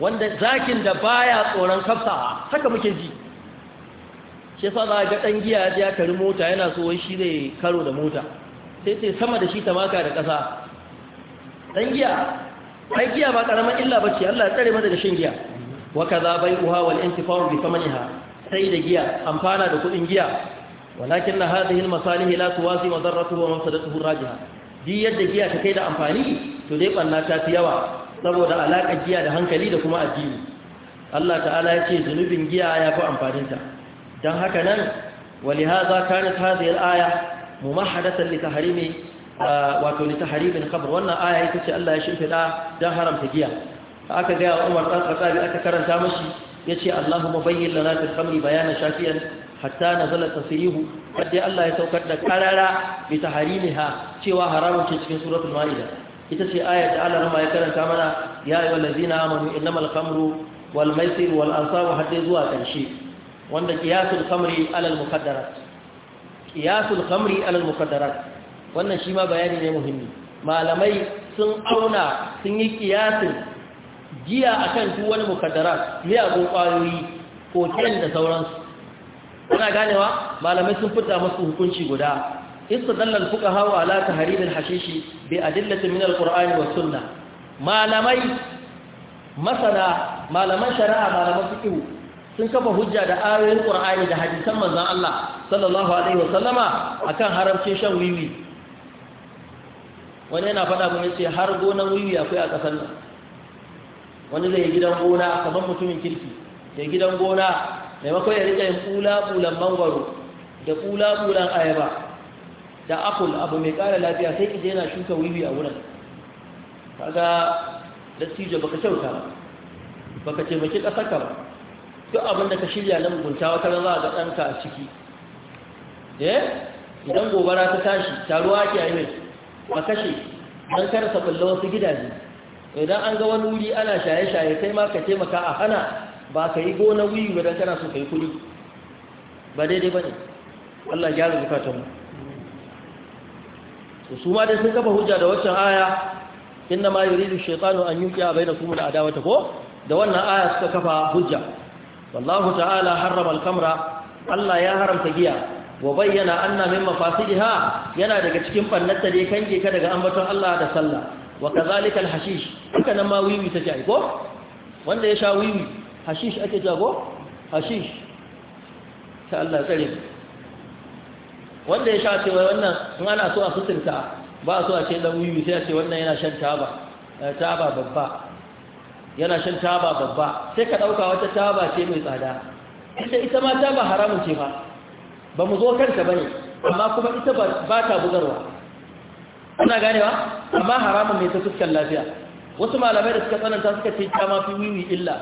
S2: wanda zakin da baya tsoron kafsa, haka muke ji shi yasa za ga dan giya ya tari mota yana so wai shi zai karo da mota sai sai sama da shi ta maka da ƙasa dan giya ai giya ba karaman illa bace Allah ya tsare mu daga shan giya wa kaza bai'uha wal intifa'u bi thamaniha sai da giya amfana da kudin giya walakin na hadhihi al masalih la tuwasi wa darratuhu wa mafsadatuhu rajiha di yadda giya ta kai da amfani to dai ballata ta fi yawa saboda alaƙa giya da hankali da kuma addini Allah ta'ala ya ce zunubin giya ya fi amfaninta don haka nan wali haza kanat hadhihi al-aya mumahhadatan li tahrimi wato li tahrimin wannan aya ita ce Allah ya da don haramta giya aka wa Umar dan Khattabi aka karanta mashi ya ce Allahumma bayyin lana fil khamri bayanan shafiyar hatta nazala tasrihu wadda Allah ya saukar da karara bi tahrimiha cewa haramun ke cikin suratul ma'ida ita ce ayar da Allah ya karanta mana ya ayyuhal ladzina amanu innamal khamru wal maisir wal ansab hadde zuwa karshe wanda qiyasul khamri alal muqaddarat qiyasul khamri alal muqaddarat wannan shi ma bayani ne muhimmi malamai sun auna sun yi qiyasin giya akan duk wani muqaddarat miyagun kwayoyi koken da sauransu kuna ganewa malamai sun fita musu hukunci guda istadalla al-fuqaha ala ta al-hashishi bi adillati min al-qur'an wa sunnah malamai masana malaman shari'a malaman fiqh sun kafa hujja da ayoyin qur'ani da hadisan manzon Allah sallallahu alaihi wa sallama akan haramcin shan wiwi wani yana faɗa mun yace har gonan wiwi akwai a ƙasar nan wani zai gidan gona kamar mutumin kirki da gidan gona mai ya rika yin kula-kulan mangwaro da kula-kulan ayaba da apple abu mai kara lafiya sai ki yana shuka wiwi a wurin kaga dattijo baka kyauta ba ce taimaki ƙasarka ba duk abin da ka shirya na mugunta wata za ga danka a ciki eh idan gobara ta tashi taruwa ke yi mai ba kashe don karasa kulla wasu gidaje idan an ga wani wuri ana shaye-shaye sai ma ka taimaka a hana ba ka yi gona wiwi don kana so ka yi kuɗi ba daidai ba ne Allah ya gyara mu. to su ma dai sun kafa hujja da waccan aya inna ma yuridu shaytanu an yuqiya bainakum al-adawata ko da wannan aya suka kafa hujja wallahu ta'ala harrama al-kamra Allah ya haramta giya wa bayyana anna min mafasidiha yana daga cikin fannata da kange ka daga ambaton Allah da sallah wa kazalika al-hashish haka nan ma wiwi take ai ko wanda ya sha wiwi hashish ake jago hashish ta Allah tsare wanda ya sha ce wai wannan in ana so a sutunta ba a so a ce dan wiwi sai a ce wannan yana shan taba eh, taba babba yana shan taba babba sai ka dauka wata taba ce mai tsada ita ita ma taba haramun ce fa ba mu zo kanta bane amma kuma ita ba ta bugarwa ana ganewa amma haramun ne ta fuskar lafiya wasu malamai da suka tsananta suka ce ta ma fi wiwi illa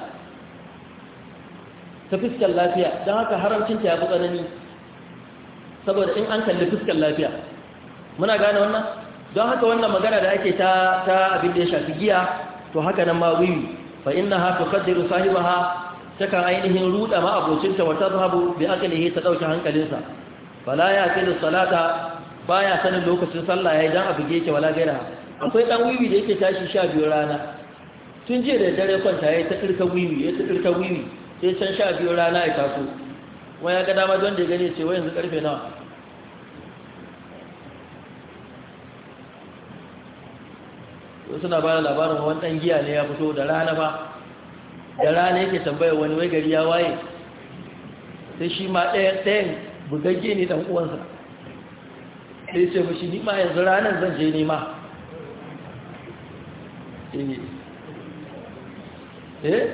S2: ta fuskar lafiya don haka haramcinta ya fi tsanani saboda in an kalli fuskan lafiya muna gane wannan don haka wannan magana da ake ta ta abin da ya shafi giya to haka nan ma wiwi fa innaha tuqaddiru sahibaha takan ainihin ruɗa ma abocinta wa tadhhabu bi aqlihi ta dauki hankalinsa la ya da salata baya sanin lokacin sallah yi dan abu yake wala gaira akwai ɗan wiwi da yake tashi sha biyu rana tun jiya da dare kwanta yayi ta kirka wiwi ya ta kirka wiwi sai can 12 rana ya taso wani ya ga dama don da ya gani ce wai yanzu karfe nawa suna ba da labarin wani ɗan giya ne ya fito da rana ba da rana yake tambaya wani wai gari ya waye sai shi ma ɗayan bugagge ne ɗan uwansa sai ce mashi nima yanzu ranar zan je nema eh, eh?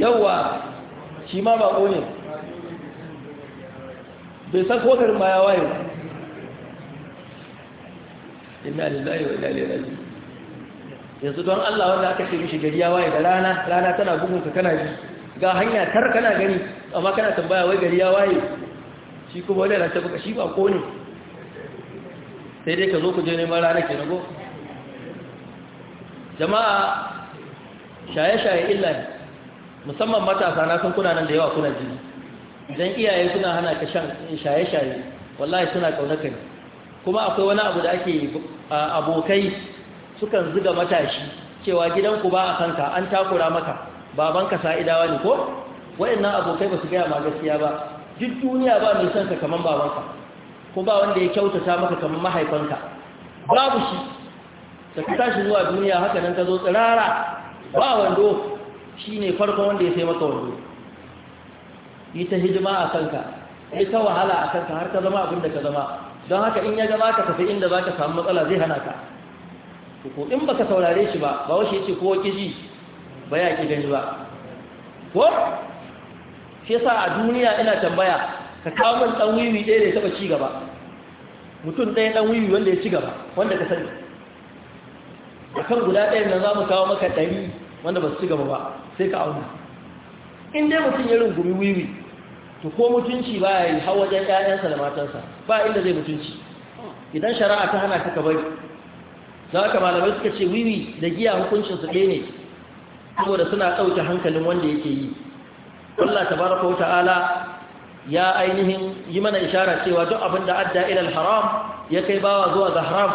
S1: yawa
S2: shi ma bako ne bai san kotar ma ya waye inna lillahi wa inna ilaihi raji'un yanzu don Allah wanda aka ce mishi gari ya waye da rana rana tana bugun ka kana ji ga hanya tar kana gani amma kana tambaya wai gari ya waye shi kuma wani na tabbaka shi ba ne sai dai ka zo ku je neman rana ke nago jama'a shaye-shaye illa ne musamman matasa na san kuna nan da yawa kuna jini, idan iyaye suna hana ka shan shaye-shaye wallahi suna kaunaka ne kuma akwai wani abu da ake abokai sukan zuga matashi cewa gidan ku ba a kanka an takura maka babanka sa'idawa ne ko waɗannan abokai ba su gaya ma gaskiya ba duk duniya ba mai son ka babanka ko ba wanda ya kyautata maka kaman mahaifanka babu shi ka tashi zuwa duniya haka nan ka zo tsirara ba wando shi ne farko wanda ya sai maka wanzu. yi ta hijima a kanka yi ta wahala a kanka har ka zama abin da ka zama don haka in ya gaba ka tafi inda za ka samu matsala zai hana ka ko in baka saurare shi ba ba washe ce ko kiji ba ya ki gani ba ko shi yasa a duniya ina tambaya ka kawo min ɗan wiwi ɗaya da ya taɓa cigaba. mutum ɗaya ɗan wiwi wanda ya ci gaba wanda ka sani kan guda ɗayan nan za mu kawo maka ɗari wanda ba su ci gaba ba sai ka auna in dai mutum ya rungumi wiwi to ko mutunci ba ya yi har wajen ƴaƴansa da matansa ba inda zai mutunci idan shari'a ta hana ka bari za ka malamai suka ce wiwi da giya hukuncin su ɗaya ne saboda suna ɗauke hankalin wanda yake yi Allah tabaraka ta'ala ya ainihin yi mana ishara cewa duk abin da adda ilal haram ya kai bawa zuwa ga haram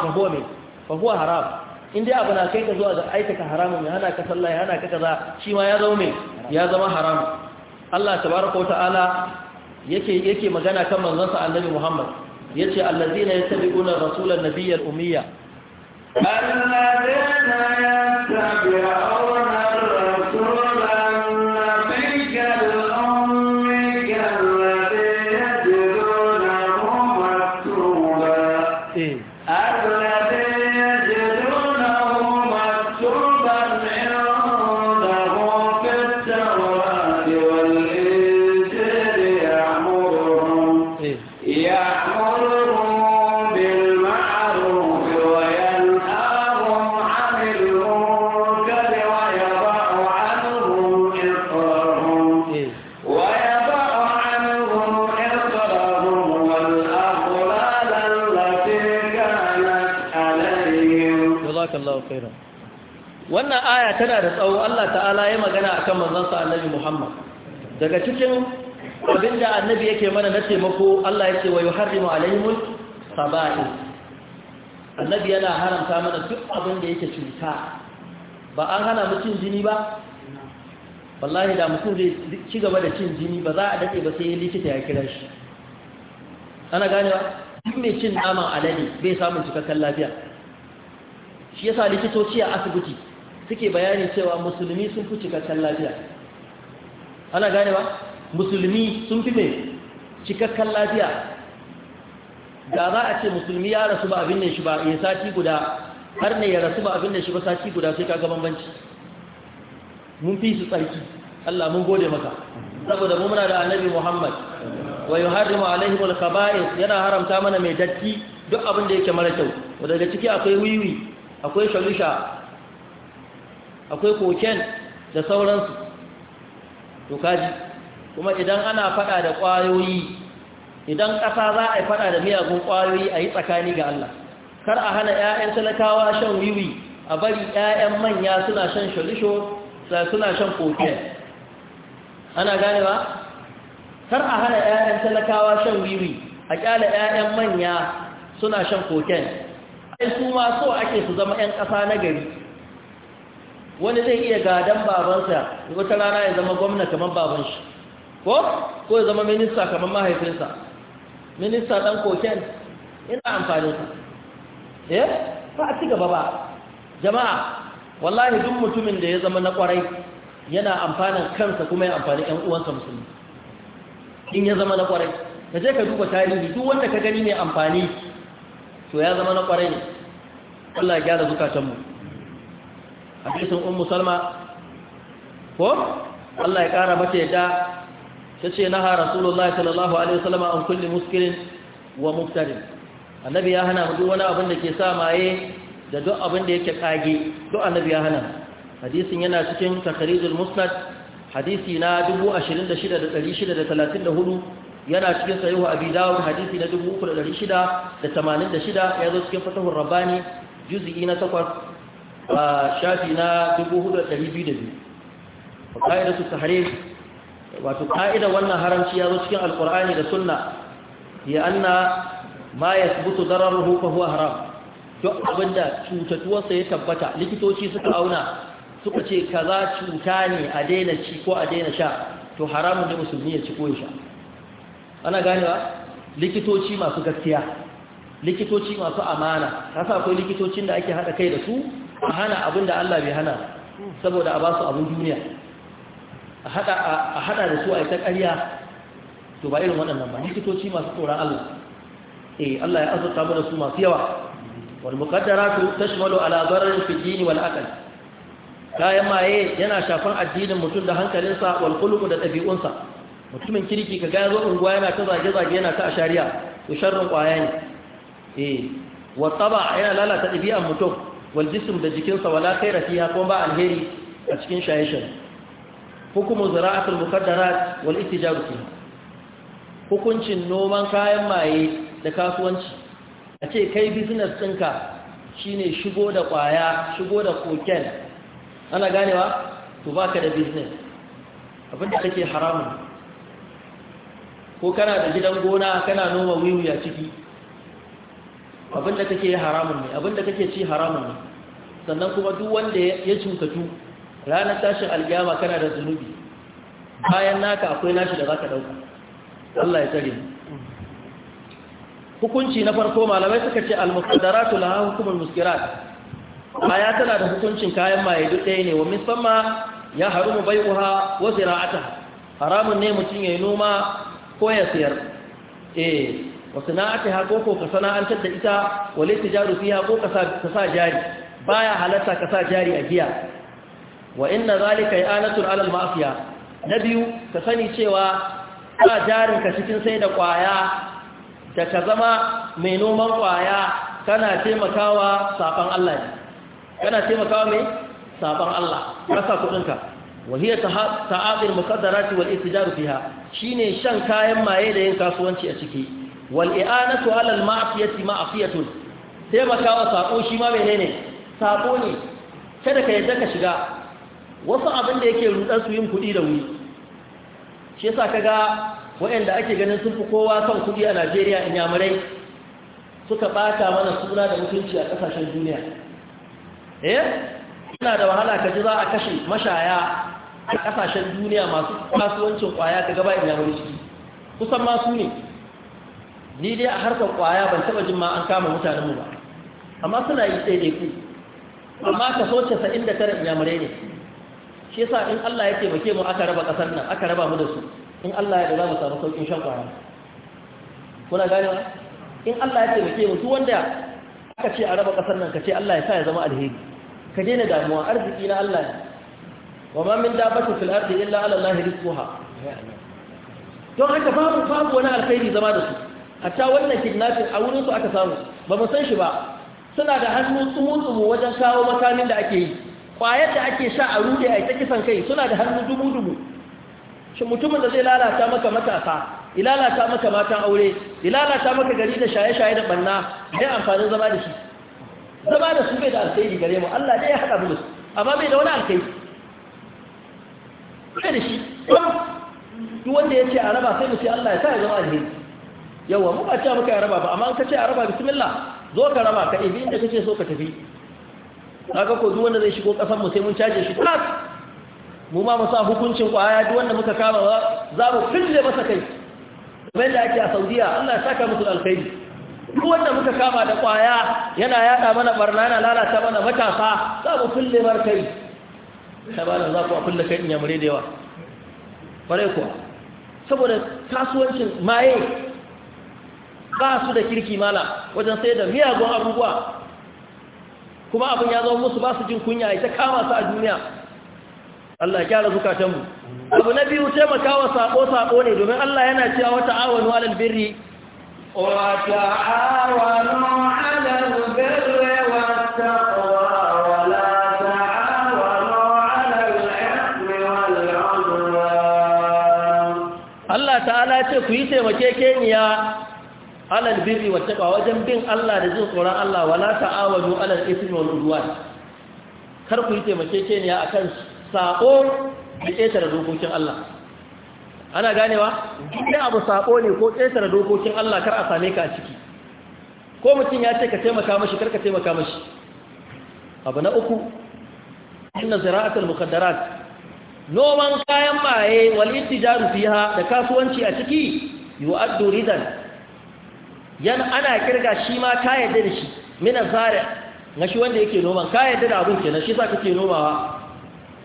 S2: fa huwa haram in dai abu na kai ka zuwa ga aikata haramun ya hana ka sallah ya hana ka kaza shi ma ya zama ya zama haramun Allah tabaraka wata'ala ta'ala yake yake magana kan manzon sa Annabi Muhammad yace allazina yattabi'una rasulan nabiyyal ummiya allazina yattabi'una tana da tsawo Allah ta'ala ya magana a akan manzansa annabi Muhammad daga cikin abinda annabi yake mana na taimako Allah ya ce wa yuharrimu alaihimul saba'i annabi yana haramta mana duk abin da yake cuta ba an hana mutum jini ba wallahi da mutum zai ci gaba da cin jini ba za a dade ba sai ya likita ya kira shi ana ganewa duk mai cin naman alade bai samun cikakken lafiya shi yasa likitoci a asibiti suke bayani cewa musulmi sun fi cikakken lafiya ana gane ba musulmi sun fi mai cikakken lafiya ga za a ce musulmi ya rasu ba abin da shi ba ya sati guda har ne ya rasu ba abin da shi ba sati guda sai ka gaban bambanci mun fi su tsarki Allah mun gode maka saboda mu muna da annabi Muhammad wa yuharrimu alaihim alkhaba'is yana haramta mana mai datti duk abin da yake mara kyau daga ciki akwai wiwi akwai shalusha akwai koken da sauransu to kaji kuma idan ana fada da kwayoyi idan ƙasa za a yi fada da miyagun kwayoyi a yi tsakani ga Allah kar a hana 'ya'yan talakawa shan wiwi a bari 'ya'yan manya suna shan shalisho suna shan koken ana gane ba. kar a hana 'ya'yan talakawa shan wiwi a kyala 'ya'yan manya suna shan koken ai su ma so ake su zama 'yan ƙasa na gari wani zai iya gadon babansa wata rana ya zama gwamna kamar baban shi ko ko ya zama minista kamar mahaifinsa minista dan koken ina amfani sa eh ba a ci ba jama'a wallahi duk mutumin da ya zama na kwarai yana amfanin kansa kuma ya amfani ƴan uwansa musulmi in ya zama na kwarai ka je ka duba tarihi duk wanda ka gani mai amfani to ya zama na kwarai ne Allah ya gyara zukatanmu hadisin ummu salma ko Allah ya kara mata yadda tace naha rasulullah sallallahu alaihi wasallam an kulli muskirin wa muftarin annabi ya hana mu duk wani abin da ke sa maye da duk abin da yake kage duk annabi ya hana hadisin yana cikin takharijul musnad hadisi na 26634 yana cikin sahihu abi dawud hadisi na 3686 zo cikin fatahur rabbani juz'i na 8 a shafi na 4,202 ƙa'ida su tahare wato ƙa'ida wannan haramci ya zo cikin alƙur'ani da sunna ya anna ma ya zarar rufa haram duk abinda cutatuwarsa ya tabbata likitoci suka auna suka ce kaza cuta ne a daina ci ko a daina sha to haramun ne musulmi ya ci ko ya sha ana ganewa likitoci masu gaskiya likitoci masu amana kasa akwai likitocin da ake haɗa kai da su a hana abin da Allah bai hana saboda a ba su abin duniya a hada da su a ita ƙarya to ba irin waɗannan ba likitoci masu tsoron Allah eh Allah ya azurta mana su masu yawa Wani wal muqaddaratu tashmalu ala dararin fi dini wal aql kayan maye yana shafan addinin mutum da hankalinsa wal qulubu da ɗabi'unsa mutumin kirki ka ga zo unguwa yana ta zage zage yana ta ashariya to sharrin kwaya ne eh wa taba yana lalata ɗabi'an mutum wal jism da jikinsa wala khaira fiha ko ba alheri a cikin shaye-shaye hukumu zira'atul wal itijaru fiha hukuncin noman kayan maye da kasuwanci a ce kai business ɗinka shine shigo da kwaya shigo da koken ana ganewa to baka da business abinda kake haramun ko kana da gidan gona kana noma wiwi a ciki abinda kake yi haramun ne abinda kake ci haramun ne sannan kuma duk wanda ya cutatu ranar tashin alkiyama kana da zunubi bayan naka akwai nashi da zaka dauka Allah ya tsare hukunci na farko malamai suka ce al-muqaddaratu laha hukumul muskirat aya tana da hukuncin kayan maye duk ɗaya ne wa musamman ya harumu bai'uha wa zira'ata haramun ne mutum ya yi noma ko ya siyar eh wa sana'atiha ko ko ka sana'antar da ita wa laysa jaru fiha ka sa jari baya halarta ka sa jari a giya wa inna zalika i'anatul 'ala ka sani cewa ka jarin ka cikin sai da kwaya da ka zama mai noman kwaya kana taimakawa saban Allah ne kana taimakawa mai saban Allah rasa kudin ka wa hiya ta'abil muqaddarati wal ittijar fiha shine shan kayan maye da yin kasuwanci a ciki wal i'anatu ma'afiyati al sai ma'siyatun taimakawa sako shi ma menene Saƙo ne kada ka yadda ka shiga wasu abin da yake rudar su yin kuɗi da wuri shi yasa kaga waɗanda ake ganin sun fi kowa son kuɗi a Najeriya in inyamurai suka ɓata mana suna da mutunci a ƙasashen duniya eh ina da wahala ka ji za a kashe mashaya a ƙasashen duniya masu kasuwancin ƙwaya ka gaba inyamurai ciki kusan masu ne ni dai a harkar kwaya ban taba jin ma an kama mutanen mu ba amma suna yi sai dai ku amma kaso 99 inyamurai ne shi yasa in Allah ya taimake mu aka raba kasar nan aka raba mu da su in Allah ya da za mu samu saukin shan kwaya kuna gane ba in Allah ya taimake mu su wanda aka ce a raba kasar nan ka ce Allah ya sa ya zama alheri ka daina damuwa arziki na Allah ne wa ma min dabatu fil ardi illa ala Allah rizquha don haka babu babu wani alkhairi zama da su ta wannan kidnapping a wurin su aka samu ba mu san shi ba suna da hannu tsumu-tsumu wajen kawo makamin da ake yi kwayar da ake sha a rude a ta kisan kai suna da hannu dubu-dubu shi mutumin da zai lalata maka matasa ilalata maka matan aure ilalata maka gari da shaye-shaye da banna dai amfanin zama da shi zama da su bai da alkhairi gare mu Allah ne ya haɗa mu amma bai da wani alkhairi kai da shi duk wanda ya ce a raba sai mu ce Allah ya sa ya zama alheri yawa mu ba cewa muka ya raba ba amma an ka ce a raba bismillah zo ka raba ka ibi inda kace so ka tafi kaga ko duk wanda zai shigo kasan mu sai mun caje shi plus mu ma mu sa hukuncin kwaya duk wanda muka kama ba za mu fille masa kai kamar da ake a Saudiya Allah ya saka musu alkhairi duk wanda muka kama da kwaya yana yada mana barna na lalata mana matasa za mu fille mar kai tabarin za ku a kulle kai in yamure da yawa kware kuwa saboda kasuwancin maye ba su da kirki mala wajen sai da miyagun abubuwa kuma abin ya zama musu ba su jin kunya ita kama su a duniya Allah kyara zukatanmu abu na biyu taimakawa sako-sako ne domin Allah yana cewa wata awonu alal birri wata
S1: awonu alal birri wata
S2: Allah ta'ala ce ku yi taimake keniya alal birri wa taqwa wajen bin Allah da jin tsoron Allah wala ta'awadu alal ismi wal udwan kar ku yi taimakekeniya akan sako da ƙetare dokokin Allah ana ganewa duk abu sako ne ko ƙetare dokokin Allah kar a same ka a ciki ko mutum ya ce ka taimaka mashi kar ka taimaka mashi abu na uku inna zira'atul muqaddarat noman kayan baye wal ittijaru fiha da kasuwanci a ciki yu'addu ridan yana ana kirga shi ma ka yadda da shi mina zare na shi wanda yake noman ka yadda da abun kenan shi sa kake nomawa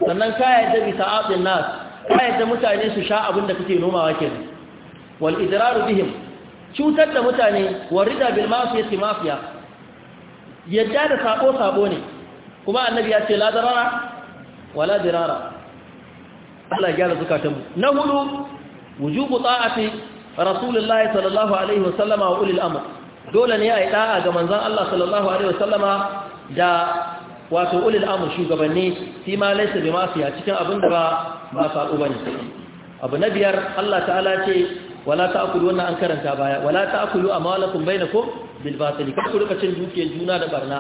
S2: sannan ka yadda bi sa'atin nas ka yadda mutane su sha abin da kake nomawa kenan wal idraru bihim cutar da mutane warida bil mafiyati mafiya yadda da sabo sabo ne kuma annabi ya ce la darara wala dirara Allah ya gyara mu. na hudu wujubu ta'ati rasulullahi sallallahu alaihi wasallama wa ulil amr dole ne a yi da'a ga manzon Allah sallallahu alaihi wasallama da wato ulil amr shugabanni fi ma laysa bi masiya cikin abin da ba ba sa'u bane abu na biyar Allah ta'ala ce wala ta'kulu wannan an karanta baya wala ta'kulu amalakum bainakum bil batil kar ku rika cin dukiyar juna da barna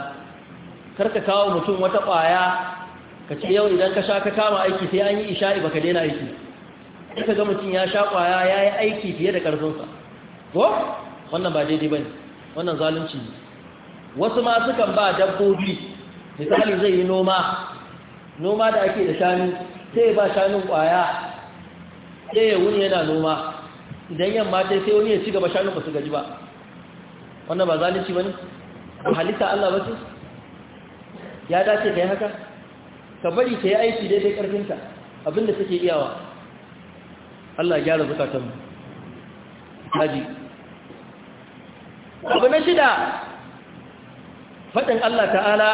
S2: kar ka kawo mutum wata kwaya ka yau idan ka sha ka kama aiki sai an yi isha'i baka daina aiki duka ga mutum ya sha kwaya ya yi aiki fiye da ƙarfinsa ko wannan ba daidai ba ne wannan zalunci ne wasu ma su kan ba dabbobi misali zai yi noma noma da ake da shanu sai ba shanun kwaya sai ya wuni yana noma idan yamma ta sai wani ya ci gaba shanun ba su gaji ba wannan ba zalunci ba ne ba halitta Allah ba ce ya dace ka yi haka ka bari ka yi aiki daidai ƙarfinka abinda suke iyawa Allah gyara zukatanmu haji
S3: abu na shida
S2: faɗin Allah ta'ala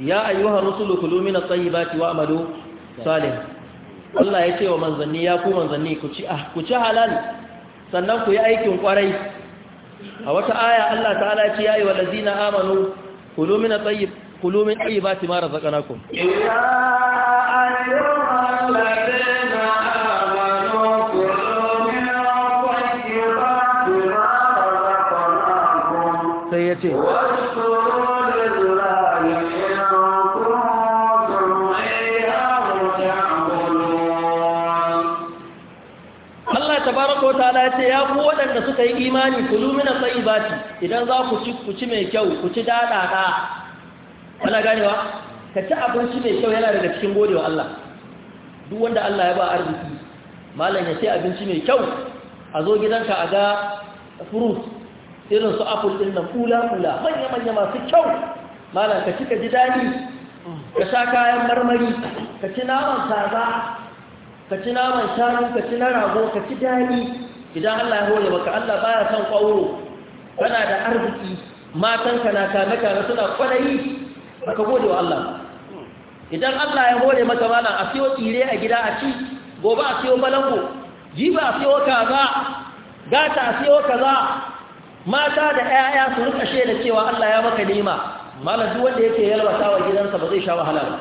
S2: ya ayyuha rusulu kulu min at-tayyibati wa Amadu Salim. Allah ya ce wa manzanni ya ku manzanni ah, ku ci halal sannan ku yi aikin kwarai a wata aya Allah ta'ala ce ya yi wa ladina amanu kulu min at-tayyib kulu min tayyibati ma razaqnakum ya
S1: ayyuhal
S2: ta'ala ce ya ku waɗanda suka yi imani kulu mina tsayibati idan za ku ci ku ci mai kyau ku ci daɗaɗa ana ganewa ka ci abinci mai kyau yana daga cikin gode wa Allah duk wanda Allah ya ba arziki malam ya ce abinci mai kyau a zo gidanka a ga fruit irin su apple ɗin nan kula-kula manya-manya masu kyau malam ka ci ka ji daɗi ka sha kayan marmari ka ci naman kaza ka ci naman shanu ka ci na rago ka ci daɗi idan Allah ya hore maka Allah ba ya san ƙwa'uro, kana da arziki matanka na kame kame suna kwadayi baka gode wa Allah idan Allah ya hore maka mana a siyo tsire a gida a ci gobe a siyo balango jiba a siyo kaza gata a siyo kaza mata da 'ya'ya su rika da cewa Allah ya maka nema. malam duk wanda yake yalwata gidansa ba zai sha wahala ba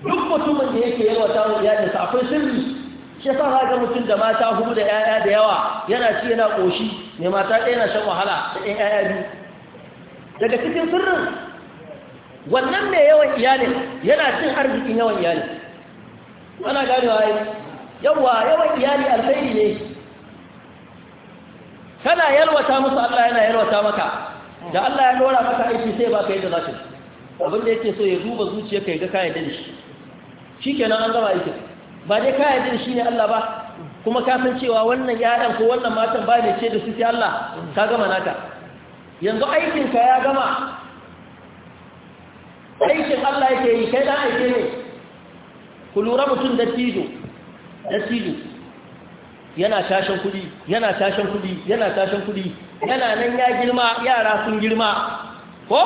S2: duk mutumin da yake yalwata wa iyalinsa akwai sirri shi yasa za mutum da mata hudu da 'ya'ya da yawa yana ci yana ƙoshi mai mata ɗaya na shan wahala da 'ya'ya biyu daga cikin sirrin wannan mai yawan iyalin yana cin arzikin yawan iyalin ana gani wa yawa yawan iyali alkhairi ne kana yalwata musu Allah yana yalwata maka da Allah ya lura maka aiki sai baka yadda za ka abin da yake so ya duba zuciyarka ya ga kayan da shi shikenan an gama aikin ba dai ka yi da shi ne Allah ba kuma ka san cewa wannan yaran ko wannan matan ba ne ce da su sai Allah ka gama naka yanzu aikin ka ya gama aikin Allah yake yi kai dan aike ne ku lura mutum da tijo da tijo yana tashin kudi yana tashin kudi yana tashin kudi yana nan ya girma yara sun girma ko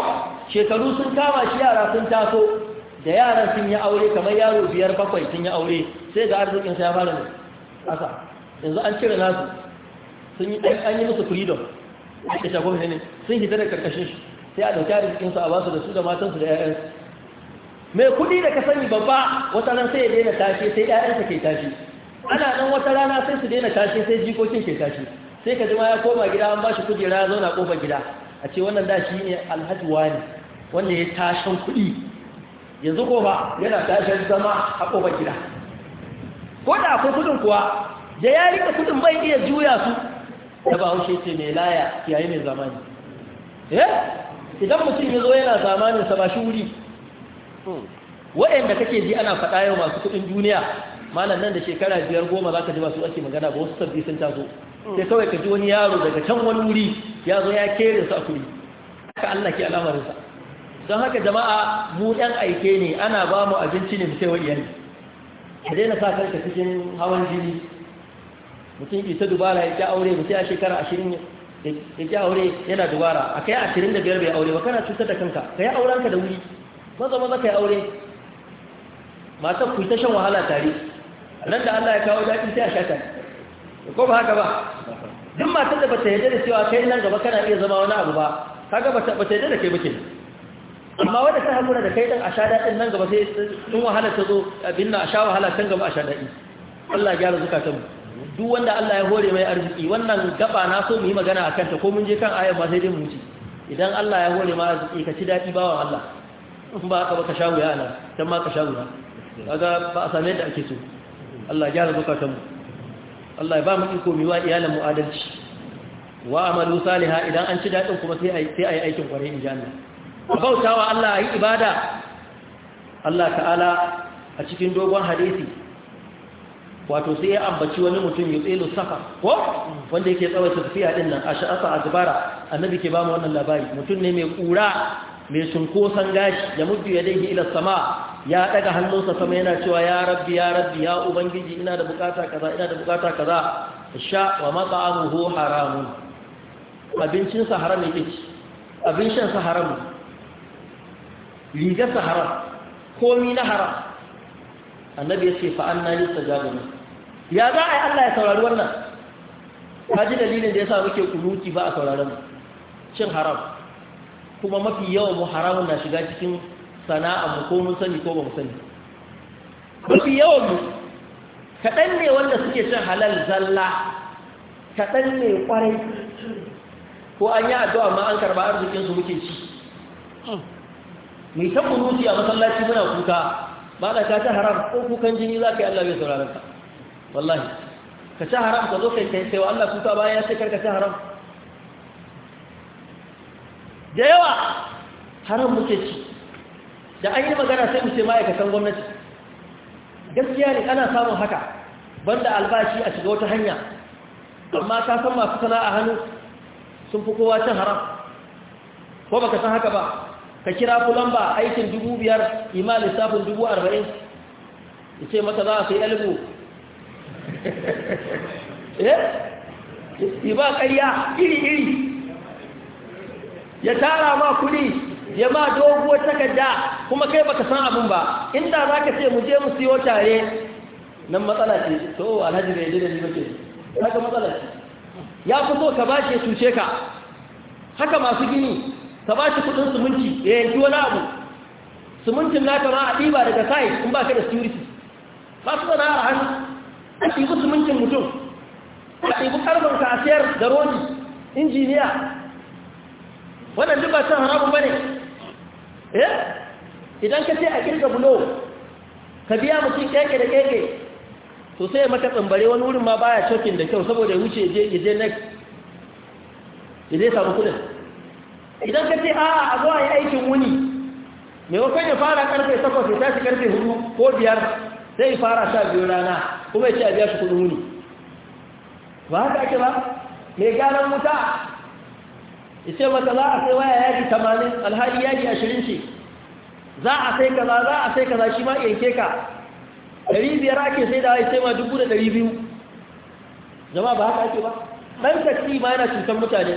S2: shekaru sun kama shi yara sun taso da yaran sun yi aure kamar yaro biyar bakwai sun yi aure sai ga arzikin sa ya fara ne asa yanzu an cire nasu sun yi an yi musu freedom a ke shago ne sun hita da karkashin shi sai a dauki arzikin sa a basu da su da matansu da su mai kuɗi da ka sani babba wata ran sai ya daina tashi sai ƴaƴansa ke tashi ana dan wata rana sai su daina tashi sai jikokin ke tashi sai ka jima ya koma gida an ba shi kujera ya zauna kofar gida a ce wannan da shi ne alhaji wani wanda ya tashin kuɗi yanzu ko ba yana tashar zama a ƙofar gida ko da akwai kudin kuwa da ya rika kudin bai iya juya su da ba haushe ce mai laya yayi mai zamani
S1: eh idan mutum ya zo yana zamanin sa ba
S2: shi wuri waɗanda kake ji ana faɗa yau masu kudin duniya malam nan da shekara biyar goma za ka ji masu ake magana ba wasu sabbi sun taso sai kawai ka ji wani yaro daga can wani wuri ya zo ya kere su a kuri haka Allah ke alamarinsa don haka jama'a mu ɗan aike ne ana ba mu abinci ne musai wa iyali ka daina sa karka cikin hawan jini mutum ki ta dubara ya aure mutum a shekara ashirin ya ƙi aure yana dubara a kai ashirin da biyar bai aure ba kana cutar da kanka ka yi aurenka da wuri maza maza ka yi aure matan ku ta shan wahala tare nan da Allah ya kawo daɗi sai a sha ta ko ba haka ba duk matan da ba ta yarda da cewa kai nan gaba kana iya zama wani abu ba kaga ta yarda da kai ba kenan amma wanda ta hakura da kai dan a sha daɗin nan gaba sai sun wahala ta zo abin nan a sha wahala can gaba a sha daɗi Allah gyara zukatan duk wanda Allah ya hore mai arziki wannan gaba na so mu yi magana akan ta ko mun je kan ayar ba sai dai mu ci idan Allah ya hore ma arziki ka ci daɗi bawa Allah in ba ka ba ka sha wuya nan can ma ka sha wuya kaga ba a same da ake so Allah gyara zukatan mu Allah ya ba mu iko mu wa iyalan mu adalci wa amalu salihah idan an ci daɗin kuma sai ai sai ai aikin kwarai in ji Allah a bautawa Allah yi ibada Allah ta'ala a cikin dogon hadisi wato sai ya ambaci wani mutum ya tsaye lusaka ko wanda yake tsawaita tafiya din nan a sha'asa a zubara annabi ke bamu wannan labari mutum ne mai kura mai sunkosan gashi ya mutu ya daidai ila sama ya daga hannunsa sama yana cewa ya rabbi ya rabbi ya ubangiji ina da bukata kaza ina da bukata kaza sha wa ho haramun abincinsa haram yake ci abin shan sa haram rigarsa haram komi na haram annabi ya ce fa'an na yi sajabani ya za a yi Allah ya saurari wannan ta ji dalilin da ya sa muke kunuti ba a sauraron cin haram kuma mafi yawan mu haramun na shiga cikin sana'a mu ko mun sani ko ba mu sani mafi yawan mu kaɗan ne wanda suke cin halal zalla kaɗan ne ƙwarai ko an yi addu'a ma an karɓa arzikinsu muke ci mai ta kunuti a masallaci muna kuka ba da ka ta haram ko kukan jini za ka yi Allah bai sauraron ka wallahi ka ta haram ka zo kai kai sai wa Allah kuka bayan ya ce karka ta haram da yawa haram muke ci da an yi magana sai mu ce ma'aikatan gwamnati gaskiya ne ana samun haka banda albashi a shiga wata hanya amma ka san masu sana'a hannu sun fi kowa cin haram ko baka san haka ba ka kira lamba aikin dubu biyar ima lissafin dubu arba'in ya ce masa za a sai elbu eh? ya ba ƙarya iri-iri ya tara ma kuli. ya ma doguwar takarda kuma kai baka san abin ba inda za ka ce mu je mu siyo tare nan matsala ce to alhaji bai jira ni ba ce haka matsala ce ya fi so ka ba ce cuce ka haka masu gini ka ba shi kudin sumunci ya yanki wani abu sumuncin na ma a ɗiba daga sai in ba ka da security ba su zana a hannu a ɗibi sumuncin mutum a ɗibi karfin kasiyar da rodi injiniya wannan duk ba san haramun ba ne eh? idan ka ce a kirga bulo ka biya mutum keke da keke to sai maka tsambare wani wurin ma baya shokin da kyau saboda ya wuce ya je next ya je samu kudin idan ka ce a a zo a yi aikin wuni mai wakan ya fara karfe sai ta tashi karfe hudu ko biyar zai fara sha biyu rana kuma ya ce a biya shi kudin wuni ba haka ake ba mai galan wuta ya ce mata za a sai waya yaki tamanin alhali yaki ashirin ce za a sai kaza za a sai kaza shi ma yanke ka Dari biyar ake sai da ya sai ma dubu da dari biyu zama ba haka ake ba ɗan taksi ma yana cutar mutane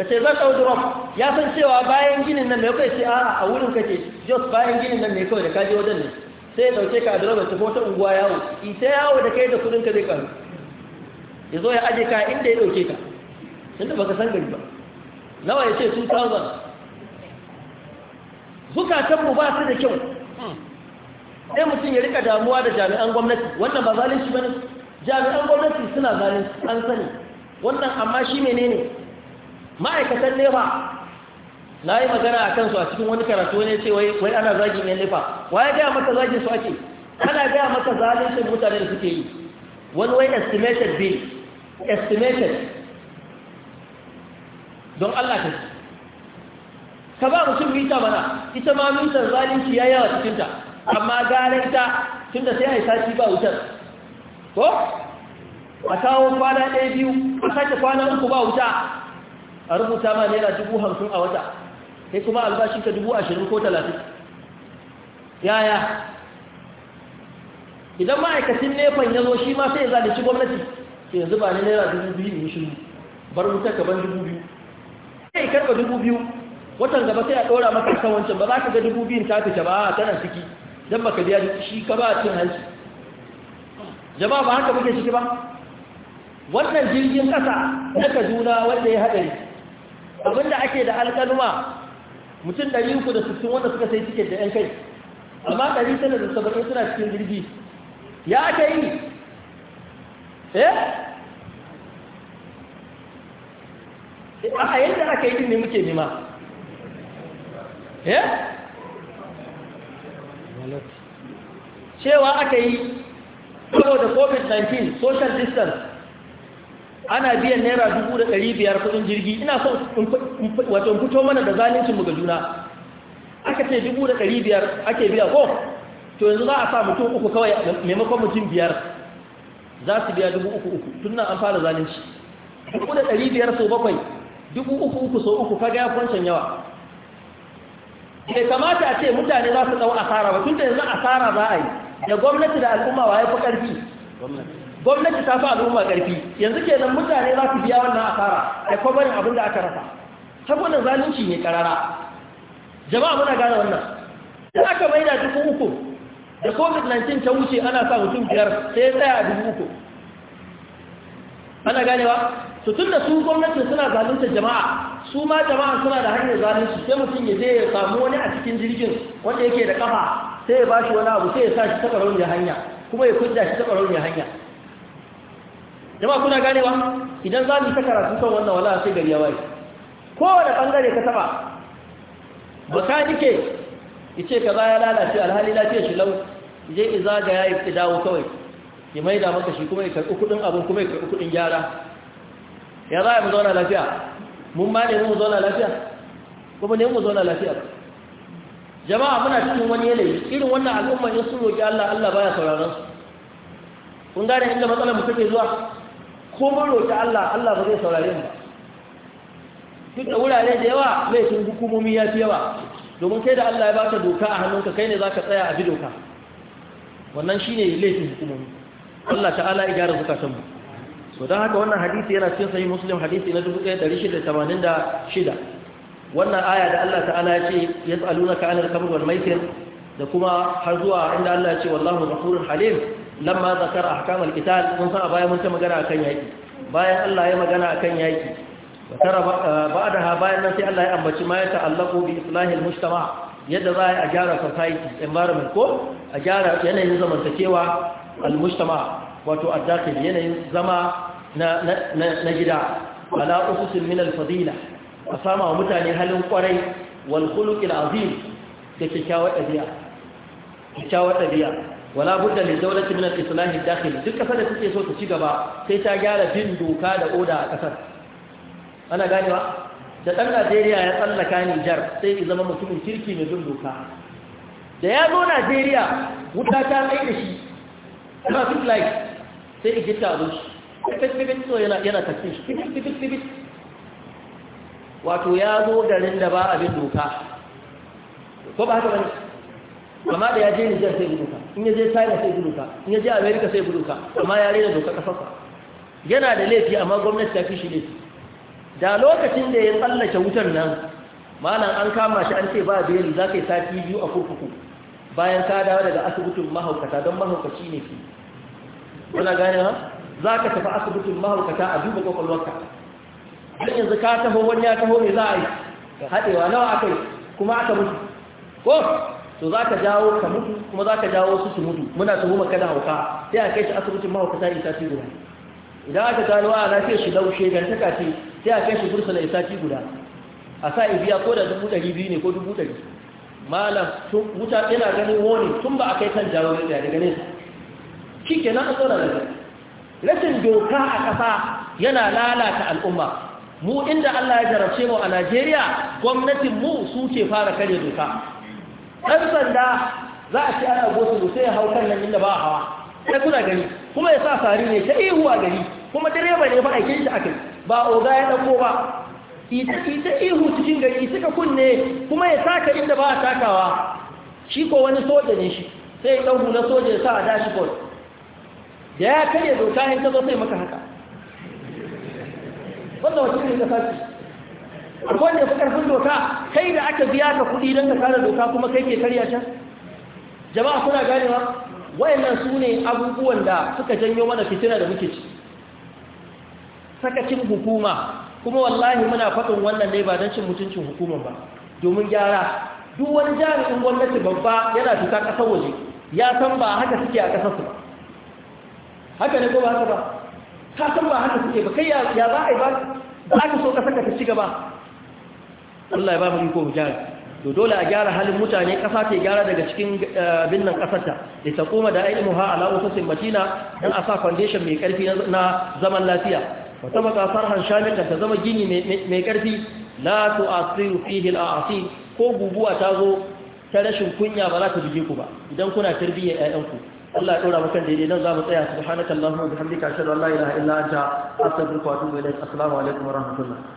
S2: ka ce za ka wuce rock ya san cewa bayan ginin nan mai kawai ce a a wurin kake jos bayan ginin nan mai kawai da kaji wajen ne sai ya dauke ka a drop ta wata unguwa yawo ita yawo da kai da kudin ka zai karu ya zo ya aje ka inda ya dauke ka tunda baka san gari ba nawa ya ce 2000 mu ba su da kyau ɗaya mutum ya rika damuwa da jami'an gwamnati wannan ba zalunci ba ne jami'an gwamnati suna zalunci an sani wannan amma shi menene ma'aikatan nefa na yi magana a kansu a cikin wani karatu ne ce wai ana zagi yan nefa wa ya gaya maka zagi su ake ana gaya maka zalincin mutane da suke yi wani wai estimated bill estimated don allah ka ci ka ba mutum mita mana ita ma mitar zalunci ya yawa cikinta amma ganin ta tun da sai a yi ba wutar ko a kawo kwana ɗaya biyu a sake kwana uku ba wuta a rubuta ma naira dubu hamsin a wata sai kuma albashinka dubu ashirin ko talatin yaya idan ma'aikacin nefan ya zo shi ma sai ya zalici gwamnati ke yanzu ba ni naira dubu biyu ne shiru bar wutar gaban dubu biyu sai karɓa dubu biyu watan gaba sai a ɗora maka kan wancan ba za ka ga dubu biyun ta fita ba tana ciki don baka biya shi ka ba a cin hanci jama'a ba haka muke ciki ba wannan jirgin ƙasa na kaduna wanda ya haɗari abinda ake da alƙaluma mutum 360 wanda suka sai tiket da 'yan kai amma 970 suna cikin jirgi ya aka yi eh a yadda aka yi ne muke nema eh cewa aka yi saboda covid-19 social distance ana biyan naira dubu da ɗari biyar kuɗin jirgi ina so wato fito mana da zalincin mu ga juna aka ce dubu da ɗari biyar ake biya ko to yanzu za a sa mutum uku kawai maimakon mutum biyar za su biya dubu uku uku tun nan an fara zalinci dubu da ɗari biyar sau bakwai dubu uku uku sau uku kaga ya kwancan yawa bai kamata a ce mutane za su ɗau asara ba tun da yanzu asara za a yi da gwamnati da al'umma wa ya fi ƙarfi gwamnati gwamnati ta fi al'umma ƙarfi yanzu ke nan mutane za su biya wannan asara da kwabarin abin da aka rasa saboda zalunci ne karara jama'a muna gane wannan Ya aka da dubu uku da covid-19 ta wuce ana sa mutum biyar sai ya tsaya a dubu uku ana ganewa su tun da su gwamnatin suna zalunta jama'a su ma jama'a suna da hanyar zalunci sai mutum ya je ya samu wani a cikin jirgin wanda yake da kafa sai ya bashi wani abu sai ya sa shi ta hanya kuma ya kunja shi ta hanya jama'a kuna ganewa idan za mu yi ta karatu kan wannan wala sai gari ya waye kowane bangare ka taba dike yace kaza ya lalace alhali lafiya shi lau je ga ya yi dawo kawai ya maida maka shi kuma ya karɓi abu kuma ya karɓi gyara ya za a mu zauna lafiya mun ma ne mu zauna lafiya kuma ne mu zauna lafiya jama'a muna cikin wani yanayi irin wannan al'umma ne sun roki Allah Allah baya sauraron su kun gane inda matsalar mu take zuwa ko maroci Allah Allah ba zai saurare mu
S1: duk da wurare da yawa
S2: laifin hukumomi ya fi yawa domin kai da Allah ya baka doka a hannunka kai ne za ka tsaya a bi doka wannan shi ne laifin hukumomi Allah ta'ala ya gyara zukatan so don haka wannan hadisi yana cikin sahih muslim hadisi na 1686 wannan aya da Allah ta'ala ya ce yas'alunaka 'anil khamr wal maisir da kuma har zuwa inda Allah ya ce wallahu ghafurur halim lamma zakar a al-qital mun sa a baya mun ta magana akan yaki bayan Allah ya magana akan yaki tara eh, ba'daha bayan nan sai Allah ya ambaci ma ya ta'allaqu bi islahi mujtama yadda za a gyara society environment ko a gyara yanayin zamantakewa al-mujtama wato addakhil yanayin zama na na gida ala ususin min al-fadila a sama wa mutane halin kwarai wal khuluq al-azim da kyakkyawar dabi'a kyakkyawar dabi'a wala budda li dawlati min al-islah al-dakhil duk kasar da take so ta ci gaba sai ta gyara bin doka da oda a kasar ana ganewa da ɗan Najeriya ya tsallaka ni jar sai ya zama mutumin kirki mai bin doka da ya zo Najeriya wuta ta mai da shi traffic light sai ya gita abin shi fifit-fifit so yana yana tafi shi fifit-fifit wato ya zo garin da ba abin doka ko ba haka bane amma da ya je Nijar sai gudu in ya je China sai gudu in ya je America sai gudu amma ya rena doka kafarsa yana da laifi amma gwamnati ta fi shi laifi da lokacin da ya tsallake wutar nan malam an kama shi an ce ba beli za ka yi sati biyu a kurkuku bayan ka dawo daga asibitin mahaukata don mahaukaci ne ke Wala gane ha za ka tafi asibitin mahaukata a duba kwakwalwarka don yanzu ka taho wani ya taho ne za a yi haɗewa nawa aka yi kuma aka mutu ko to za ka jawo ka mutu kuma za ka jawo su su mutu muna huma kada hauka sai a kai shi asibitin mahaukata ci guda idan aka gano ah, a lafiyar shi laushe ta ce sai a kai shi isa ci guda a sa ibiya ko da dubu ɗari biyu ne ko dubu ɗari malam wuta yana ganin wani tun ba a kai kan jawo ne daga nesa shi ke nan a da da rashin doka a ƙasa yana lalata al'umma mu inda Allah ya jarabce mu a Najeriya gwamnatin mu su ce fara kare doka ɗan sanda za a ce ana gosu sai ya hau kan nan inda ba hawa sai kuna gani kuma ya sa sari ne ta ihu a gari kuma direba ne fa aikin shi aka ba oga ya ɗauko ba ita ihu cikin gari suka kunne kuma ya taka inda ba a takawa shi ko wani soja ne shi sai ya ɗauku na soja ya sa a dashboard da ya karya doka in ta zo sai maka haka wanda wacce ne ta sace akwai wanda fi karfin doka kai da aka biya ka kuɗi don ka kare doka kuma kai ke karya can? jama'a suna ganewa wayannan su ne abubuwan da suka janyo mana fitina da muke ci sakacin hukuma kuma wallahi muna faɗin wannan ne ba don cin mutuncin hukumar ba domin gyara duk wani jami'in gwamnati babba yana fita ƙasar waje ya san ba haka suke a su ba haka ne ko ba haka ba ka san ba haka suke ba kai ya za a yi ba za ka so ka ka ta ci gaba Allah ya ba mu iko mu gyara to dole a gyara halin mutane ƙasa ke gyara daga cikin eh, binnan ƙasarta da ta koma da ainihin ha ala ofisin matina dan a sa foundation mai ƙarfi na zaman lafiya wata makasar hanshamika ta zama gini mai ƙarfi la to a tsiru asi ko guguwa ta zo ta rashin kunya ba za ta buge ku ba idan kuna tarbiyyar 'ya'yanku Allah ya ɗora makan daidai nan za mu tsaya subhanakallahumma bihamdika ashhadu an la ilaha illa anta astaghfiruka wa atubu ilayk assalamu alaikum wa rahmatullah